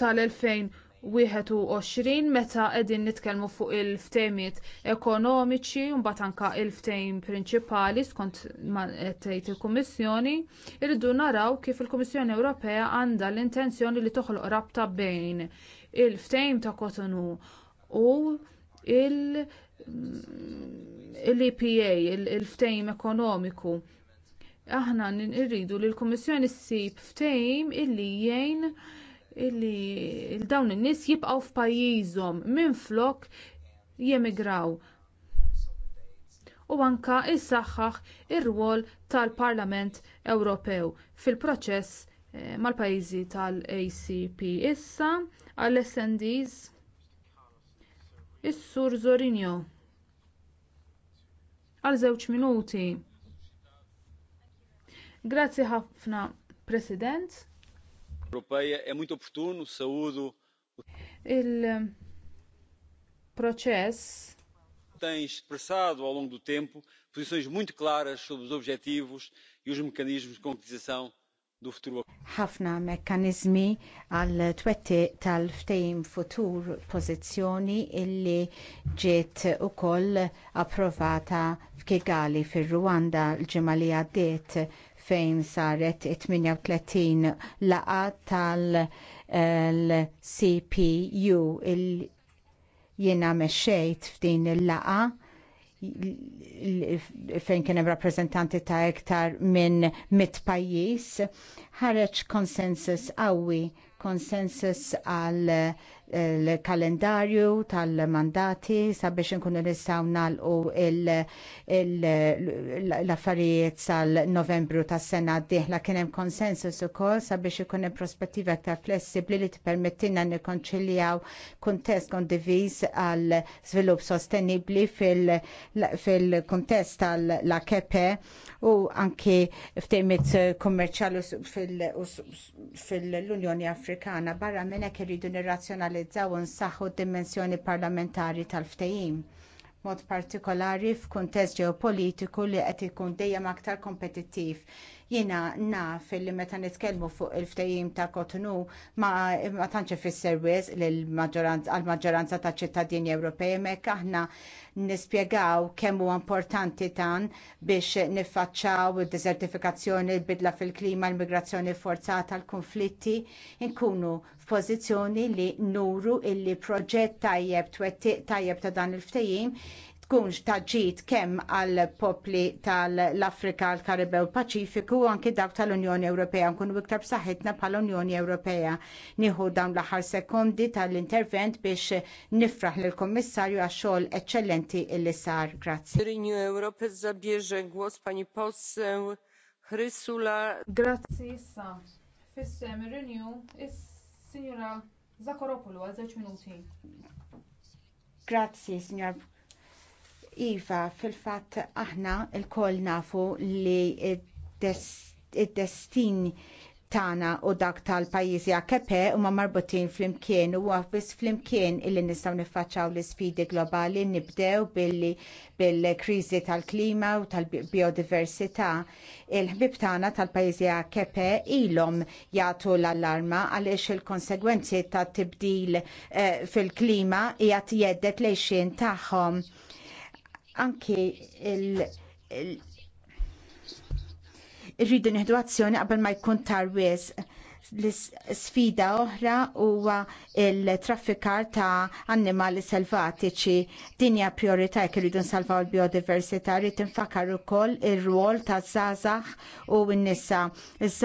sal-2000 2021 meta qegħdin nitkellmu fuq il-ftehmiet ekonomiċi u mbagħad anke il-ftehim prinċipali skont ma tgħid il-Kummissjoni, irridu naraw kif il-Kummissjoni Ewropea għandha l-intenzjoni li toħloq rabta bejn il-ftehim ta' Cotonou u il- mm, l-EPA, il-ftejm ekonomiku. Aħna nirridu li l-Kummissjoni ssib ftejm illi jgħin illi dawn in-nies jibqgħu f'pajjiżhom minflok jemigraw. U anke jsaħħaħ ir-rwol tal-Parlament Ewropew fil-proċess eh, mal-pajjiżi tal-ACP issa għall-SNDs is-sur Zorinjo għal żewġ minuti. Grazzi ħafna, President il-proċess tem expressado ao longo do tempo posições muito claras sobre os objetivos e os mecanismos de concretização do futuro. Ħafna mekkaniżmi għal twetti tal-ftejim futur pożizzjoni illi ġiet ukoll approvata f'Kigali fir-Rwanda l-ġimgħa li għaddiet fejn saret 38 laqa tal-CPU il jiena meċċejt f'din il-laqa fejn kien hemm rappreżentanti ta' iktar minn mit pajjiż ħareġ konsensus qawwi konsensus għal l-kalendarju tal-mandati sabiex nkunu nistgħu nagħlqu l-affarijiet sal-Novembru tas-sena d-dieħla kien hemm konsensus ukoll sabiex ikun hemm prospettiva aktar flessibbli li tippermettilna nikkonċiljaw kuntest kondiviż għal żvilupp sostenibbli fil-kuntest tal-AKP u anki ftehmiet kummerċjali fil-Unjoni Afrikana barra minn hekk irridu nirrazzjonali nanalizzaw u nsaħħu d-dimensjoni parlamentari tal-ftehim mod partikolari f'kuntest ġeopolitiku li qed ikun dejjem aktar kompetittiv. Jiena naf li meta nitkellmu fuq il-ftehim ta' Kotonu ma, ma tantx ifisser wisq għall-maġġoranza taċ ċittadini Ewropej hemmhekk aħna nispjegaw kemm huwa importanti dan biex niffaċċaw id-desertifikazzjoni, il-bidla fil-klima, l-migrazzjoni forzata, l-konflitti, inkunu. Pożizzjoni li nuru illi proġett tajjeb twettiq tajjeb ta' dan il-ftehim tkunx taġġid kemm għall popli tal-Afrika, l-Karibew, Paċifiku u anki dawk tal-Unjoni Ewropea nkunu iktar b'saħħitna bħall-Unjoni Ewropea. Nieħu dawn l-aħħar sekondi tal-intervent biex nifraħ lill kummissarju għax-xogħol eċċellenti illi sar. Grazzi. Renew Europe zabierze głos pani poseł Hrysula. Grazzi issa. Fissem Renew issa. Signora Zakoropolo għal żewġ minuti. Grazzi, signor Iva, fil-fatt aħna il-koll nafu li id-destin il tagħna u dak tal-pajjiżi AKP huma marbutin flimkien u biss flimkien illi nistgħu niffaċċaw l-isfidi globali nibdew billi bil-kriżi tal-klima u tal-biodiversità. Il-ħbib tagħna tal-pajjiżi AKP ilhom jagħtu l-allarma għaliex il-konsegwenzi tat-tibdil eh, fil-klima hija tjeddet lejxin tagħhom. Anki il- irridu nieħdu azzjoni qabel ma jkun tarwies l-sfida oħra huwa il-traffikar ta' annimali selvatiċi. Din hija priorità jekk iridu nsalvaw il-biodiversità, rrid infakar ukoll ir-rwol taż-żgħażagħ u n-nisa. iż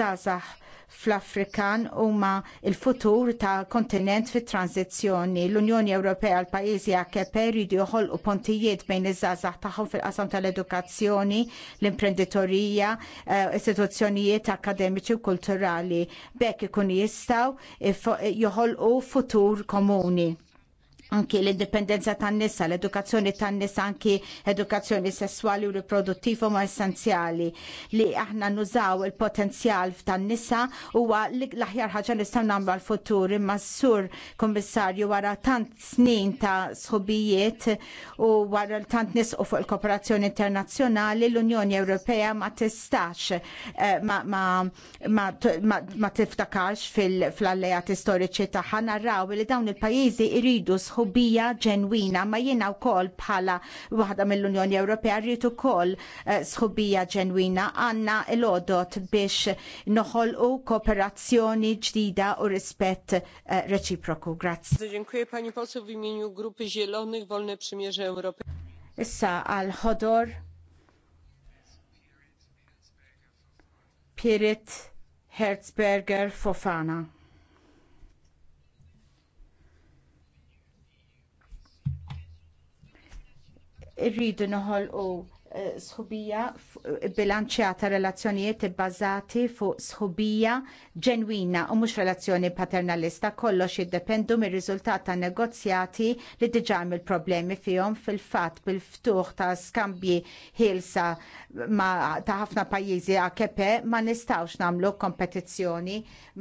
fl-Afrikan huma l futur ta' kontinent fit tranzizzjoni L-Unjoni Ewropea l pajjiżi AKP jridu joħolqu pontijiet bejn iż-żgħażagħ tagħhom fil-qasam tal-edukazzjoni, l-imprenditorija, eh, istituzzjonijiet akademiċi u kulturali. Bekk ikun jistgħu joħolqu futur komuni anki l-indipendenza tan nisa, l-edukazzjoni tan nisa, anki edukazzjoni sessuali u riproduttiva ma essenzjali li aħna nużaw il-potenzjal tan nisa huwa l-aħjar ħaġa nistgħu nagħmlu għall-futur imma s-sur kummissarju wara tant snin ta' sħubijiet u wara tant nisqu fuq il-kooperazzjoni internazzjonali l-Unjoni Ewropea ma tistax eh, ma, ma, ma, ma tiftakarx fil-alleati storiċi tagħha narraw li dawn il-pajjiżi iridu sħu ħubija ġenwina, ma jiena kol bħala wahda mill-Unjoni Ewropea rritu kol eh, sħubija ġenwina għanna l-odot biex noħol u kooperazzjoni ġdida u rispett eh, reċiproku. Grazie. Dziękuję pani poseł w imieniu Grupy Zielonych Wolne Przymierze Europy. Issa għal ħodor Pirit Herzberger Fofana. irridu noħolqu Eh, sħubija eh, bilanċjata relazzjonijiet ibbażati fuq sħubija ġenwina u mhux relazzjoni paternalista kollox jiddependu mir-riżultat ta' negozjati li diġà il problemi fihom fil-fatt bil-ftuħ ta' skambji ħilsa ta' ħafna pajjiżi AKP ma nistgħux nagħmlu kompetizzjoni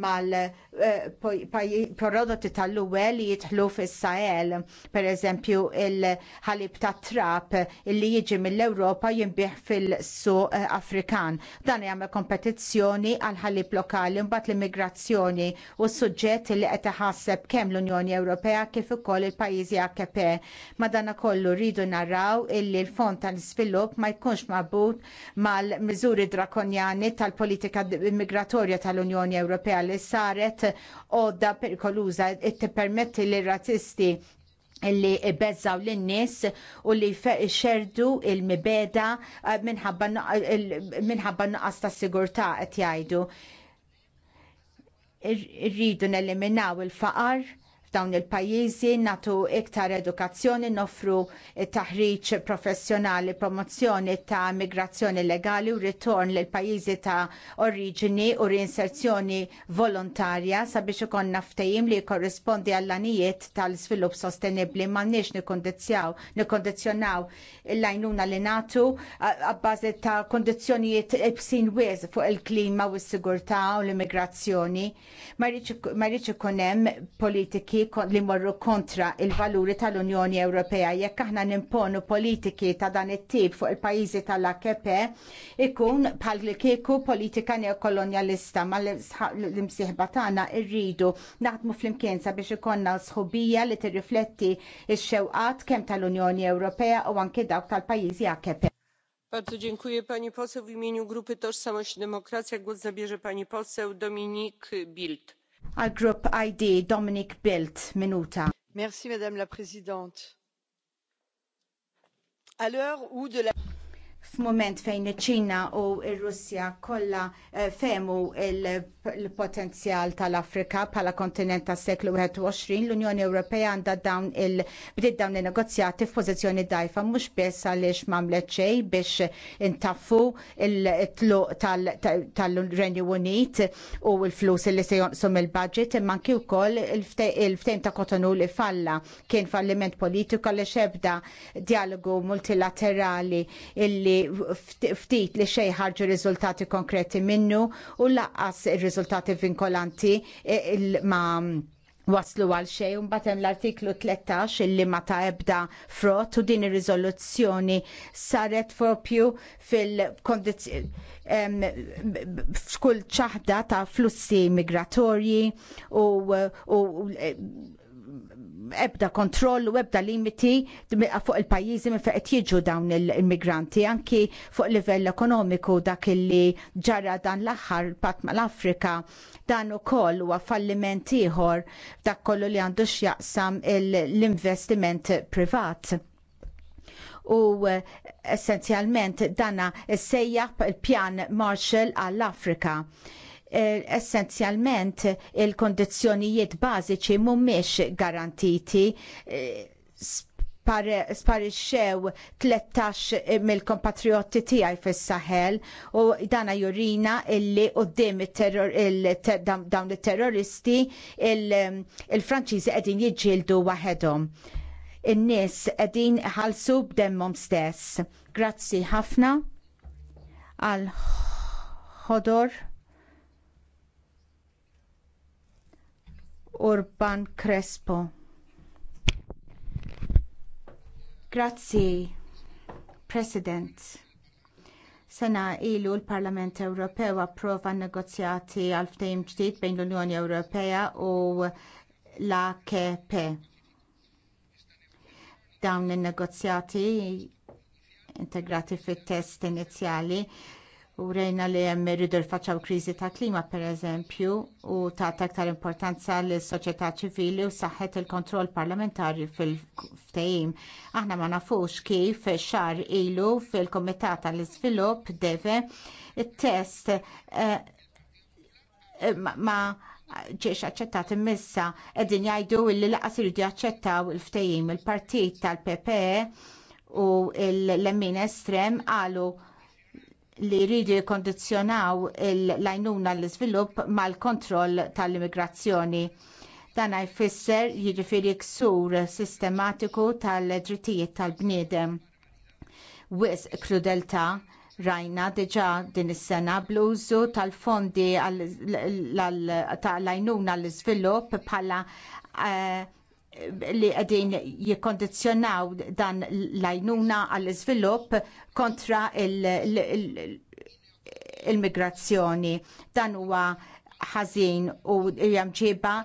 mal-prodotti eh, tal-UE li jidħlu fis-Sahel, pereżempju il-ħalib tat trap illi jiġi mill-Ewropa ewropa jinbih fil su eh, Afrikan. Dan jagħmel kompetizzjoni għal ħallib lokali mbagħad l-immigrazzjoni u s-suġġett li qed iħasseb kemm l-Unjoni Ewropea kif ukoll il-pajjiżi AKP. Madana kollu rridu narraw illi l-fond tal-iżvilupp ma jkunx marbut mal-miżuri drakonjani tal-politika immigratorja tal-Unjoni Ewropea li saret odda perikoluża it-permetti li razzisti li bezzaw l-nis u li xerdu il-mibeda eh, minħabba naqas ta' sigurta qed jgħidu. Irridu neliminaw il-faqar Dawn il-pajjiżi natu iktar edukazzjoni, nofru taħriġ professjonali, promozzjoni ta' migrazzjoni legali u ritorn lil pajjiżi ta' oriġini u reinserzjoni volontarja sabiex ikonna ftehim li jkorrispondi għall-anijiet tal-svilupp sostenibbli m'għandniex nikkondizzjaw, nikkondizzjonaw l-għajnuna li natu għabbażi ta' kondizzjonijiet ibsin wies fuq il-klima u s-sigurtà u l-immigrazzjoni. Ma rridx ikun hemm politiki li, morru kontra il-valuri tal-Unjoni Ewropea. Jekk aħna nimponu politiki ta' dan it-tip fuq il-pajjiżi tal-AKP, ikun bħal kieku politika neokolonjalista ma l-imsieħba tagħna rridu naħdmu fl sabiex ikonna sħubija li tirrifletti x-xewqat kemm tal-Unjoni Ewropea u anke dawk tal-pajjiżi AKP. Bardzo dziękuję pani poseł. W imieniu grupy Tożsamość i Demokracja głos zabierze pani poseł Dominik Bild Għal grupp ID Dominic Bilt, minuta. Merci, Madame la Présidente. À l'heure où de la f'mument fejn iċ-Ċina u r-Russja kollha eh, femu l-potenzjal tal-Afrika bħala kontinent tas-seklu 21, l-Unjoni Ewropea għandha dawn il bdiet dawn in-negozjati f'pożizzjoni dajfa mhux biss għaliex m'għamlet xejn biex intaffu il-tluq tal-Renju Unit u l-flus li se jonqsum il budget imma anki wkoll il ftejn ta' Kotonu li falla kien falliment politiku għaliex ebda dialogu multilaterali illi li ftit li xej ħarġu riżultati konkreti minnu u laqqas ir-riżultati vinkolanti e, ma' waslu għal xej un batem l-artiklu 13 illi ma ta' ebda frott u din ir-riżoluzzjoni saret propju fil f'kull ċaħda ta' flussi migratorji u, u ebda kontroll u ebda limiti fuq il-pajjiżi minn fejn qed jiġu dawn il-migranti anki fuq livell ekonomiku dak li ġara dan l-aħħar pat mal-Afrika dan ukoll huwa falliment ieħor dak kollu li għandu x'jaqsam l-investiment privat u eh, essenzjalment dana sejjaħ il-pjan Marshall għall-Afrika. Eh, essenzjalment il-kondizzjonijiet bażiċi mhumiex garantiti eh, sparixxew 13 mill-kompatrioti tiegħi fis-Saħel u dana jurina illi qudiem dawn it-terroristi il-Franċiżi qegħdin jiġġieldu waħedhom. In-nies qegħdin ħalsu b'demmhom stess. Grazzi ħafna għal ħodor. Urban Crespo. Grazzi, President. Sena ilu l-Parlament Ewropew approva negozjati għal ftehim ġdid bejn l-Unjoni Ewropea u l-AKP. Dawn in negozjati integrati fit-test inizjali u rejna li hemm irridu faċċaw kriżi ta' klima pereżempju u ta' aktar importanza lis soċjetà ċivili u saħħet il-kontroll parlamentari fil-ftehim. Aħna ma nafux kif xar ilu fil-Komitat tal-Iżvilupp deve t test eh, eh, ma ġiex aċċettat immissa qegħdin jgħidu li laqas iridu jaċċettaw il-ftehim il-partit tal-PPE u l-lemmin estrem qalu li jridu jikkondizzjonaw l-għajnuna l-iżvilupp mal-kontroll tal-immigrazzjoni. Dan jfisser jiġifieri ksur sistematiku tal-drittijiet tal-bniedem. Wisq krudelta rajna diġà din is-sena bl-użu tal-fondi tal-għajnuna l-iżvilupp bħala uh, li għedin jikondizjonaw dan lajnuna għall-izvilup kontra il-migrazzjoni. Dan huwa ħażin u jamġiba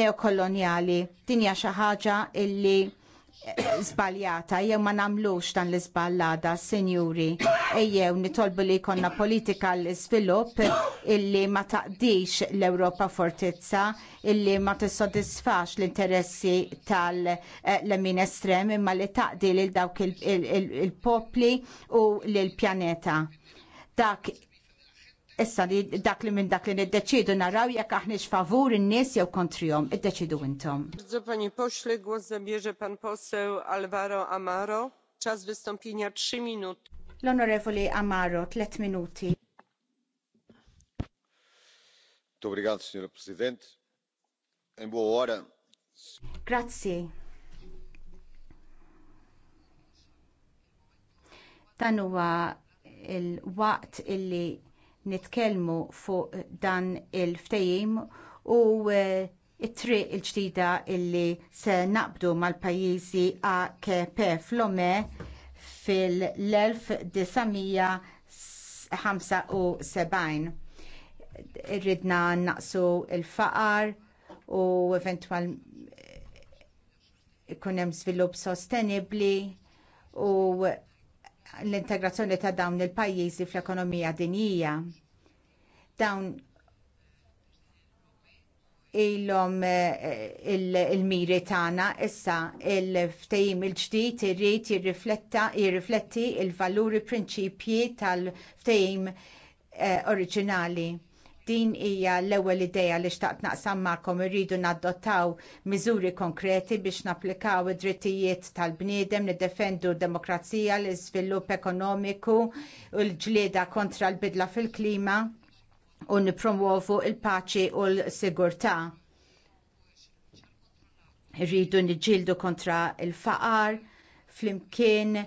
neokoloniali. Dinja xi ħaġa illi zbaljata, jew ma namlux dan l-izballada, sinjuri, jew nitolbu li jkollna politika l iżvilupp illi ma taqdix l ewropa fortizza, illi ma tissodisfax l-interessi tal-lemin estrem, imma li taqdi lil dawk il-popli u lill pjaneta Dak Issa li dak li minn dak li niddeċidu naraw jekk aħniex favur n nies jew kontrihom, iddeċidu intom. Bżu pani pośle, głos zabierze pan poseł Alvaro Amaro. Czas wystąpienia 3 minuty. L-Onorevoli Amaro, 3 minuti. Obrigado, signora Presidente. Em buo ora. Grazie. Tanuwa il-waqt illi nitkellmu fuq dan il-ftejim u eh, it-triq il-ġdida illi se naqbdu mal-pajjiżi AKP flome fil-1975. Irridna naqsu l faqar u eventwalment eh, ikun hemm żvilupp sostenibbli u l-integrazzjoni ta' dawn il-pajjiżi fl-ekonomija dinjija. Dawn ilhom eh, il-miri tagħna issa il-ftehim il-ġdid irrid jirrifletta jirrifletti l valuri prinċipji tal-ftehim eh, oriġinali Din hija l-ewwel idea li xtaqt naqsam magħkom irridu nadottaw miżuri konkreti biex napplikaw id-drittijiet tal-bniedem niddefendu d-demokrazija, l-iżvilupp ekonomiku u l-ġlieda kontra l-bidla fil-klima u nippromuovu l paċi u l-sigurtà. Irridu niġġieldu kontra l faqar flimkien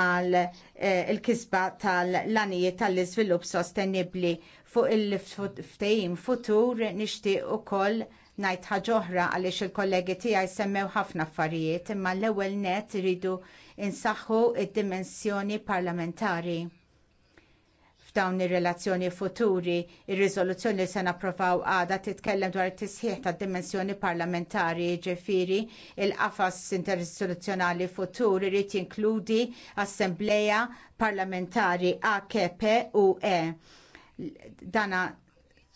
mal-kisba eh, tal-lanijiet tal-iżvilupp sostenibbli fuq il-ftehim futur nixtieq ukoll ngħid ħaġa oħra għaliex il-kollegi tiegħi semmew ħafna affarijiet imma l-ewwel nett iridu insaħħu id-dimensjoni parlamentari f'dawn ir-relazzjoni futuri, ir-riżoluzzjoni li se napprovaw għada titkellem dwar it-tisħiħ tad dimensjoni parlamentari ġifiri il-qafas interistituzzjonali futur irid jinkludi assembleja parlamentari AKP u E dana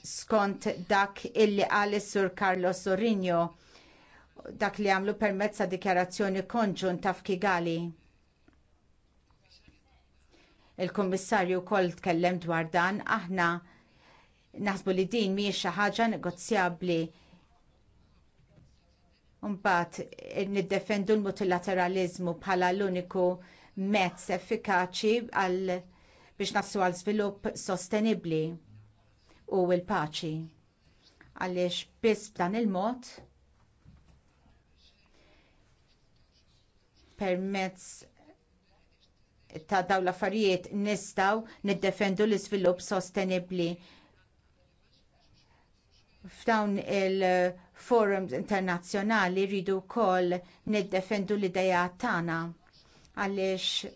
skont dak illi għal sur Carlos Sorinjo dak li għamlu permezz ta' dikjarazzjoni konġun ta' fkigali. Il-Kummissarju wkoll tkellem dwar dan aħna naħsbu li din mi xi ħaġa negozjabbli Mbagħad niddefendu l multilateralizmu bħala l-uniku mezz effikaċi għal biex nassu għal żvilupp sostenibbli u l-paċi. Għaliex biss b'dan il-mod permezz ta' dawn l-affarijiet nistgħu niddefendu l-iżvilupp sostenibbli f'dawn il-forums internazzjonali rridu wkoll niddefendu l-idea tagħna għaliex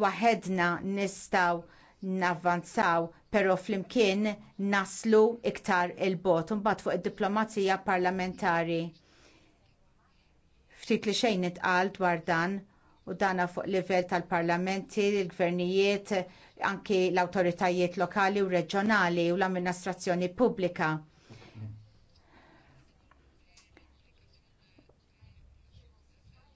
waħedna nistgħu navvanzaw, però flimkien naslu iktar il-bot, imbagħad fuq id-diplomazija parlamentari. Ftit li xejn itqal dwar dan u dana fuq livell tal-parlamenti, il-gvernijiet, anki l awtoritajiet lokali u reġjonali u l-amministrazzjoni pubblika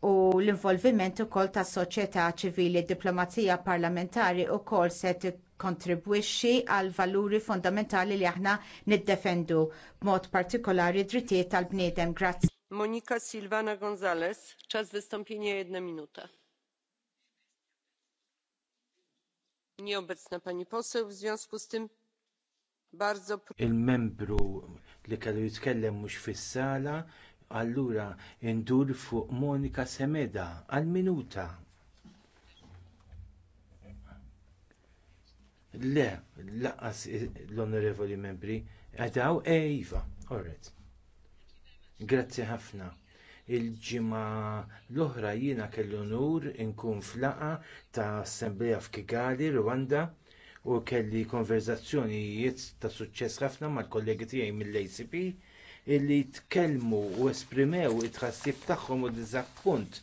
u l-involviment ukoll tas-soċjetà ċivili, diplomazija parlamentari wkoll se tikkontribwixxi għal valuri fondamentali li aħna niddefendu b'mod partikolari drittijiet tal-bniedem. Grazzi. Monika Silvana Gonzalez, czas wystąpienia jedna minuta. Nieobecna pani poseł, w związku z tym bardzo... Il-membru li kellu jitkellem mhux fis-sala allura ndur fuq Monika Semeda għal-minuta. Le, laqas l-onorevoli membri, għadaw Eva, orret. Grazzi ħafna. il ġimgħa l-oħra jina kellu nur inkun flaqa ta' Assembleja f'Kigali, Rwanda, u kelli konverzazzjonijiet ta' suċċess ħafna mal-kollegi tiegħi mill-ACP illi tkellmu u esprimew it-tħassib tagħhom u diżappunt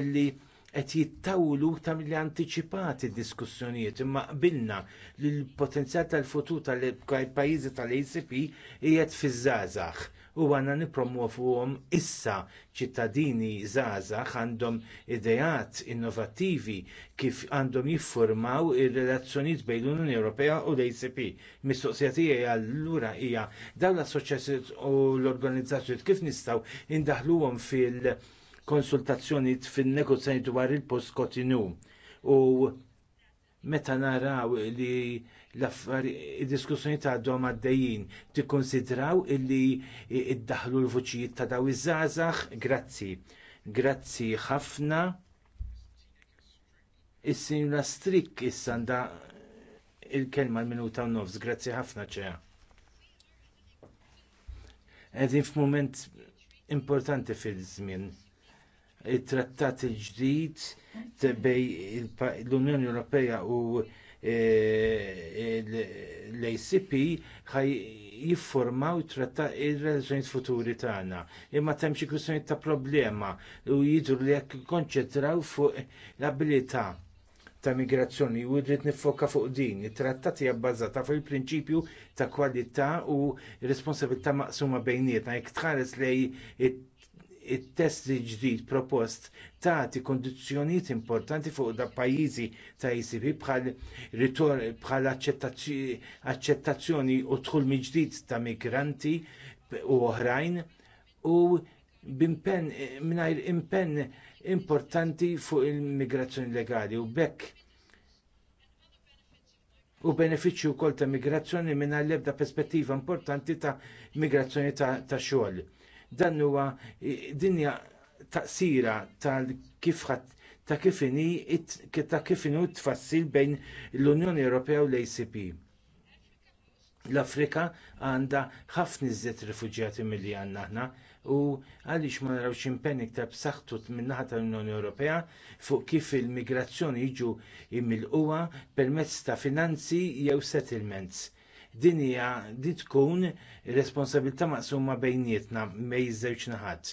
illi qed jittawlu ta' li antiċipati id-diskussjonijiet imma qbilna li l-potenzjal tal-futur tal-pajjiżi tal-ACP qiegħed fiż-żgħażagħ u għandna nippromovuhom issa ċittadini żgħażagħ għandhom ideat innovattivi kif għandhom jiffurmaw ir-relazzjonijiet bejn l-Unjoni Ewropea u l-ACP. Mistoqsija tiegħi allura hija dawn l-assoċjazzjonijiet u l-organizzazzjonijiet kif nistgħu indaħluhom fil- konsultazzjonijiet fin-negozjani dwar il-post kotinu u meta naraw li l-diskussjoni ta' għadhom għaddejjin tikkonsidraw illi iddaħlu l-vuċijiet ta' daw iż-żgħażagħ. Grazzi. Grazzi ħafna. Is-sinjura Strik issa għandha il-kelma l-minuta u nofs. Grazzi ħafna ċeha. Qegħdin f'mument importanti fil-żmien it-trattat il-ġdid bej l-Unjoni Ewropea u e, e, l-ACP ħaj jiffurmaw il-relazzjoniet futuri tagħna. Imma temm xi kwistjonijiet ta' problema u jidru li jekk ikkonċentraw fuq l-abilità ta' migrazzjoni u rrid nifoka fuq din. It-trattat hija bbażata fuq il-prinċipju ta' kwalità u responsabilità maqsuma bejnietna. Jekk tħares lej it-test ġdid propost tagħti kundizzjonijiet importanti fuq da pajjiżi ta' ICP bħal bħal aċċettazzjoni u dħul miġdid ta' migranti u oħrajn u mingħajr impenn importanti fuq il-migrazzjoni legali u b'hekk u benefiċċju wkoll ta' migrazzjoni mingħajr l-ebda perspettiva importanti ta' migrazzjoni ta', ta xogħol Dan huwa dinja taqsira tal kif ta' kif ta' kif inhu tfassil bejn l-Unjoni Ewropea u l-ACP. L-Afrika għandha ħafna iżjed rifuġjati milli għandna aħna u għaliex ma narawx impenn iktar b'saħħtu min-naħa tal-Unjoni Ewropea fuq kif il-migrazzjoni jiġu imilquha permezz ta' finanzi jew settlements din hija di tkun responsabilità maqsuma bejnietna mej żewġ naħat.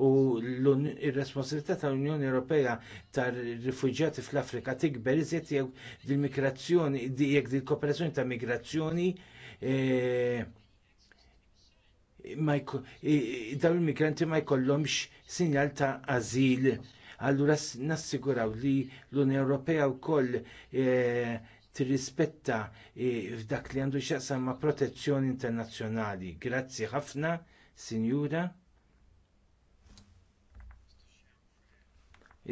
U l-responsabilità tal-Unjoni Ewropea tar-rifuġjati fl-Afrika tikber iżjed jekk dil-migrazzjoni jekk dil-kooperazzjoni ta' migrazzjoni eh, dawn il-migranti ma jkollhomx sinjal ta' azil. Allura nassiguraw li l-Unjoni Ewropea wkoll eh, tirrispetta e, f'dak li għandu x'jaqsam ma' protezzjoni internazzjonali. Grazzi ħafna, Sinjura.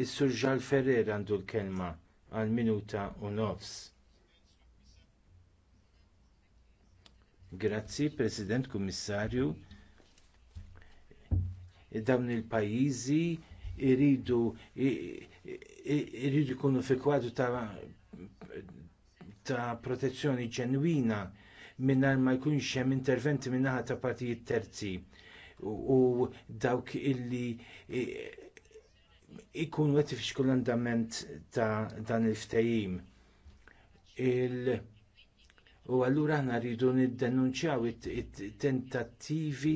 Is-Sur Ġal Ferrer għandu l-kelma għal minuta u nofs. Grazzi, President Kummissarju. Dawn il-pajjiżi iridu iridu jkunu fi kwadru ta' ta' protezzjoni ġenwina mingħajr ma jkunx hemm interventi min-naħa ta' partijiet terzi u dawk illi e, ikunu qed fix l-andament ta' dan il-ftajim. Il u allura aħna rridu niddenunċjaw it-tentattivi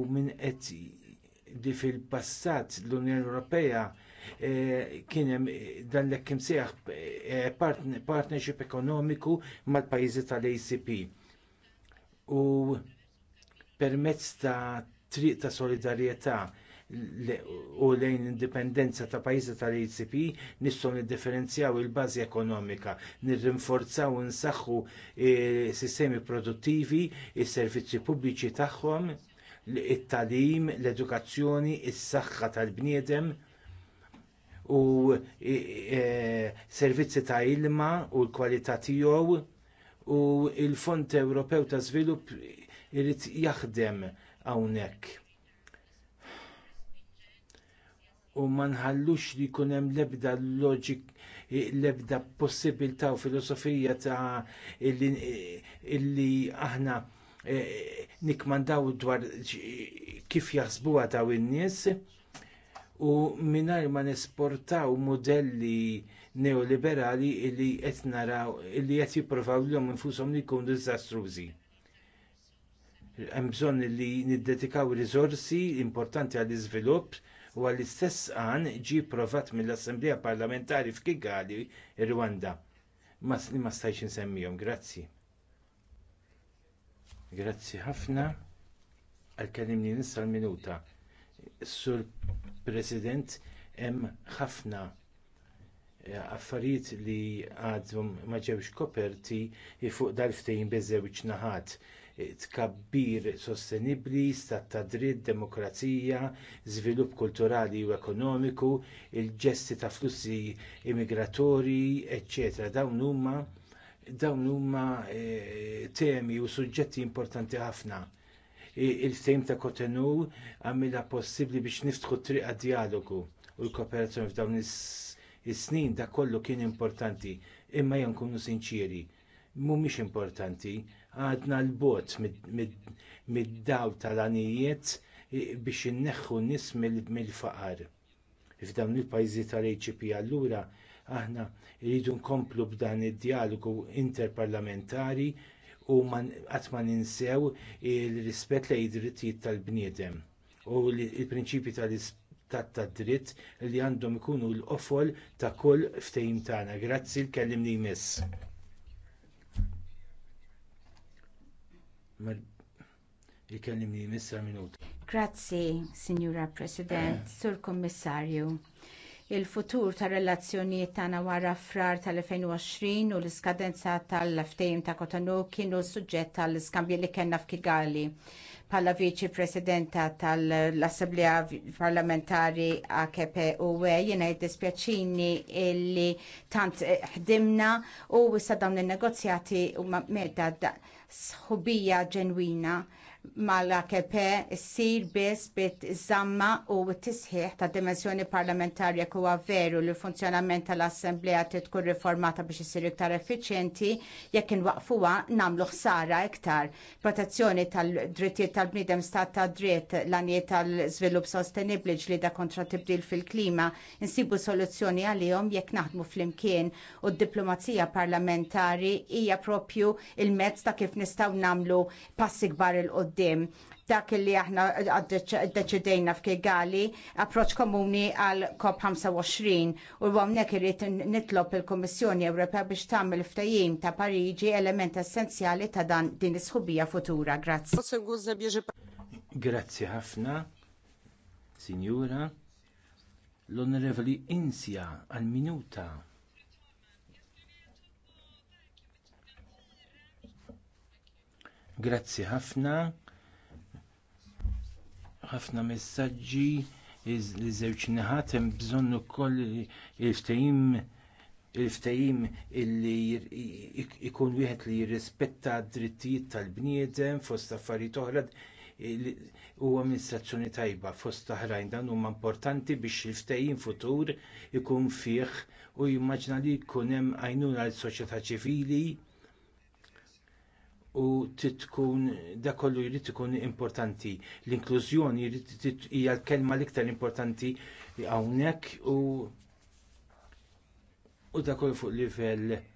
u minn qed li fil-passat l-Unjoni Ewropea Eh, kien hemm eh, dan l kim seħ partnership ekonomiku mal-pajjiżi tal-ACP. U permezz ta' triq ta' solidarjetà u lejn indipendenza ta' pajjiżi tal-ACP nistgħu niddifferenzjaw il-bażi ekonomika, nirrinforzaw u nsaħħu eh, sistemi produttivi, is-servizzi pubbliċi tagħhom, it-talim, l-edukazzjoni, is-saħħa tal-bniedem u e, e, servizzi ta' ilma u l-kwalità tiegħu u l fond Ewropew ta' Żvilupp irid jaħdem hawnhekk. U ma nħallux li jkun hemm l-ebda loġik l-ebda possibilità u filosofija ta' illi, illi aħna e, nikmandaw dwar kif jaħsbuha ta' in-nies u mingħajr ma nesportaw mudelli neoliberali li qed naraw li qed jippruvaw lhom infushom li jkunu diżastrużi. Hemm bżonn li niddedikaw riżorsi importanti għall-iżvilupp u għall-istess għan ġie provat mill-Assemblea Parlamentari f'Kigali, Rwanda. li Ma stajx insemmihom, grazzi. Grazzi ħafna għal kellimni nissa l-minuta. Sur President, hemm ħafna eh, affarijiet li għadhom ma ġewx koperti fuq dal ftehim beżewġ naħat eh, tkabbir sostenibbli, stat ta' dritt, demokrazija, żvilupp kulturali u ekonomiku, il-ġesti ta' flussi immigratorji, eċċetera. Dawn huma dawn huma eh, temi u suġġetti importanti ħafna il fejm ta' Kotenu għamilha possibbli biex niftħu triqa dialogu u l-kooperazzjoni f'dawn is-snin da kollu kien importanti, imma jan kunu sinċiri, mhumiex importanti, għadna l-bot mid-daw tal-anijiet biex inneħħu n-nies mill-faqar. F'dawn il-pajjiżi tal-ACP allura aħna rridu nkomplu b'dan id-dialogu interparlamentari u qatt ma ninsew il-rispett lejn id-drittijiet tal-bniedem u l istat tad-dritt li għandhom ikunu l-qofol ta' kull ftehim tagħna. Grazzi l-kellimni jmiss. il-kellimni Grazzi, Signora President, Sur Kommissarju il-futur tar relazzjonijiet tagħna wara frar tal-2020 u l-iskadenza tal-ftehim ta' Cotonou kienu suġġett tal-iskambju li kellna f'Kigali bħala viċi presidenta tal-Assemblea Parlamentari AKP u e, jiena jiddispjaċini illi tant ħdimna u issa dawn in negozjati huma medda sħubija ġenwina mal-AKP ssir biss bit żamma u t-tisħiħ tad dimensjoni parlamentarja huwa veru li l-funzjonament tal-Assemblea tkun riformata biex isir iktar effiċjenti jekk inwaqfuha nagħmlu ħsara iktar. Protezzjoni tal-drittijiet tal-bniedem stat ta' dritt l-għaniet tal-żvilupp sostenibbli ġlieda kontra tibdil fil-klima insibu soluzzjoni għalihom jekk naħdmu flimkien u d-diplomazija parlamentari hija proprju il-mezz ta' kif nistgħu nagħmlu passi kbar il-qoddim il dak li aħna deċidejna għali approċ komuni għal COP25 u għamnek irrit nitlob il komissjoni Ewropea biex tagħmel ftajim ta' Parigi element essenzjali ta' dan din isħubija futura. Grazzi. Grazzi ħafna, Signora. L-Onorevoli Insja għal-minuta. Grazzi ħafna ħafna messaġġi li żewġ neħat hemm bżonn ukoll il-ftehim il-ftehim illi ikun wieħed li jirrispetta d-drittijiet tal-bniedem fost affarijiet oħra u amministrazzjoni tajba fost oħrajn dan huma importanti biex il-ftehim futur ikun fih u jimmaġna li jkun hemm għajnuna l-soċjetà ċivili u titkun da kollu jrid ikun importanti. L-inklużjoni hija l-kelma l-iktar importanti hawnhekk u u da kollu fuq livell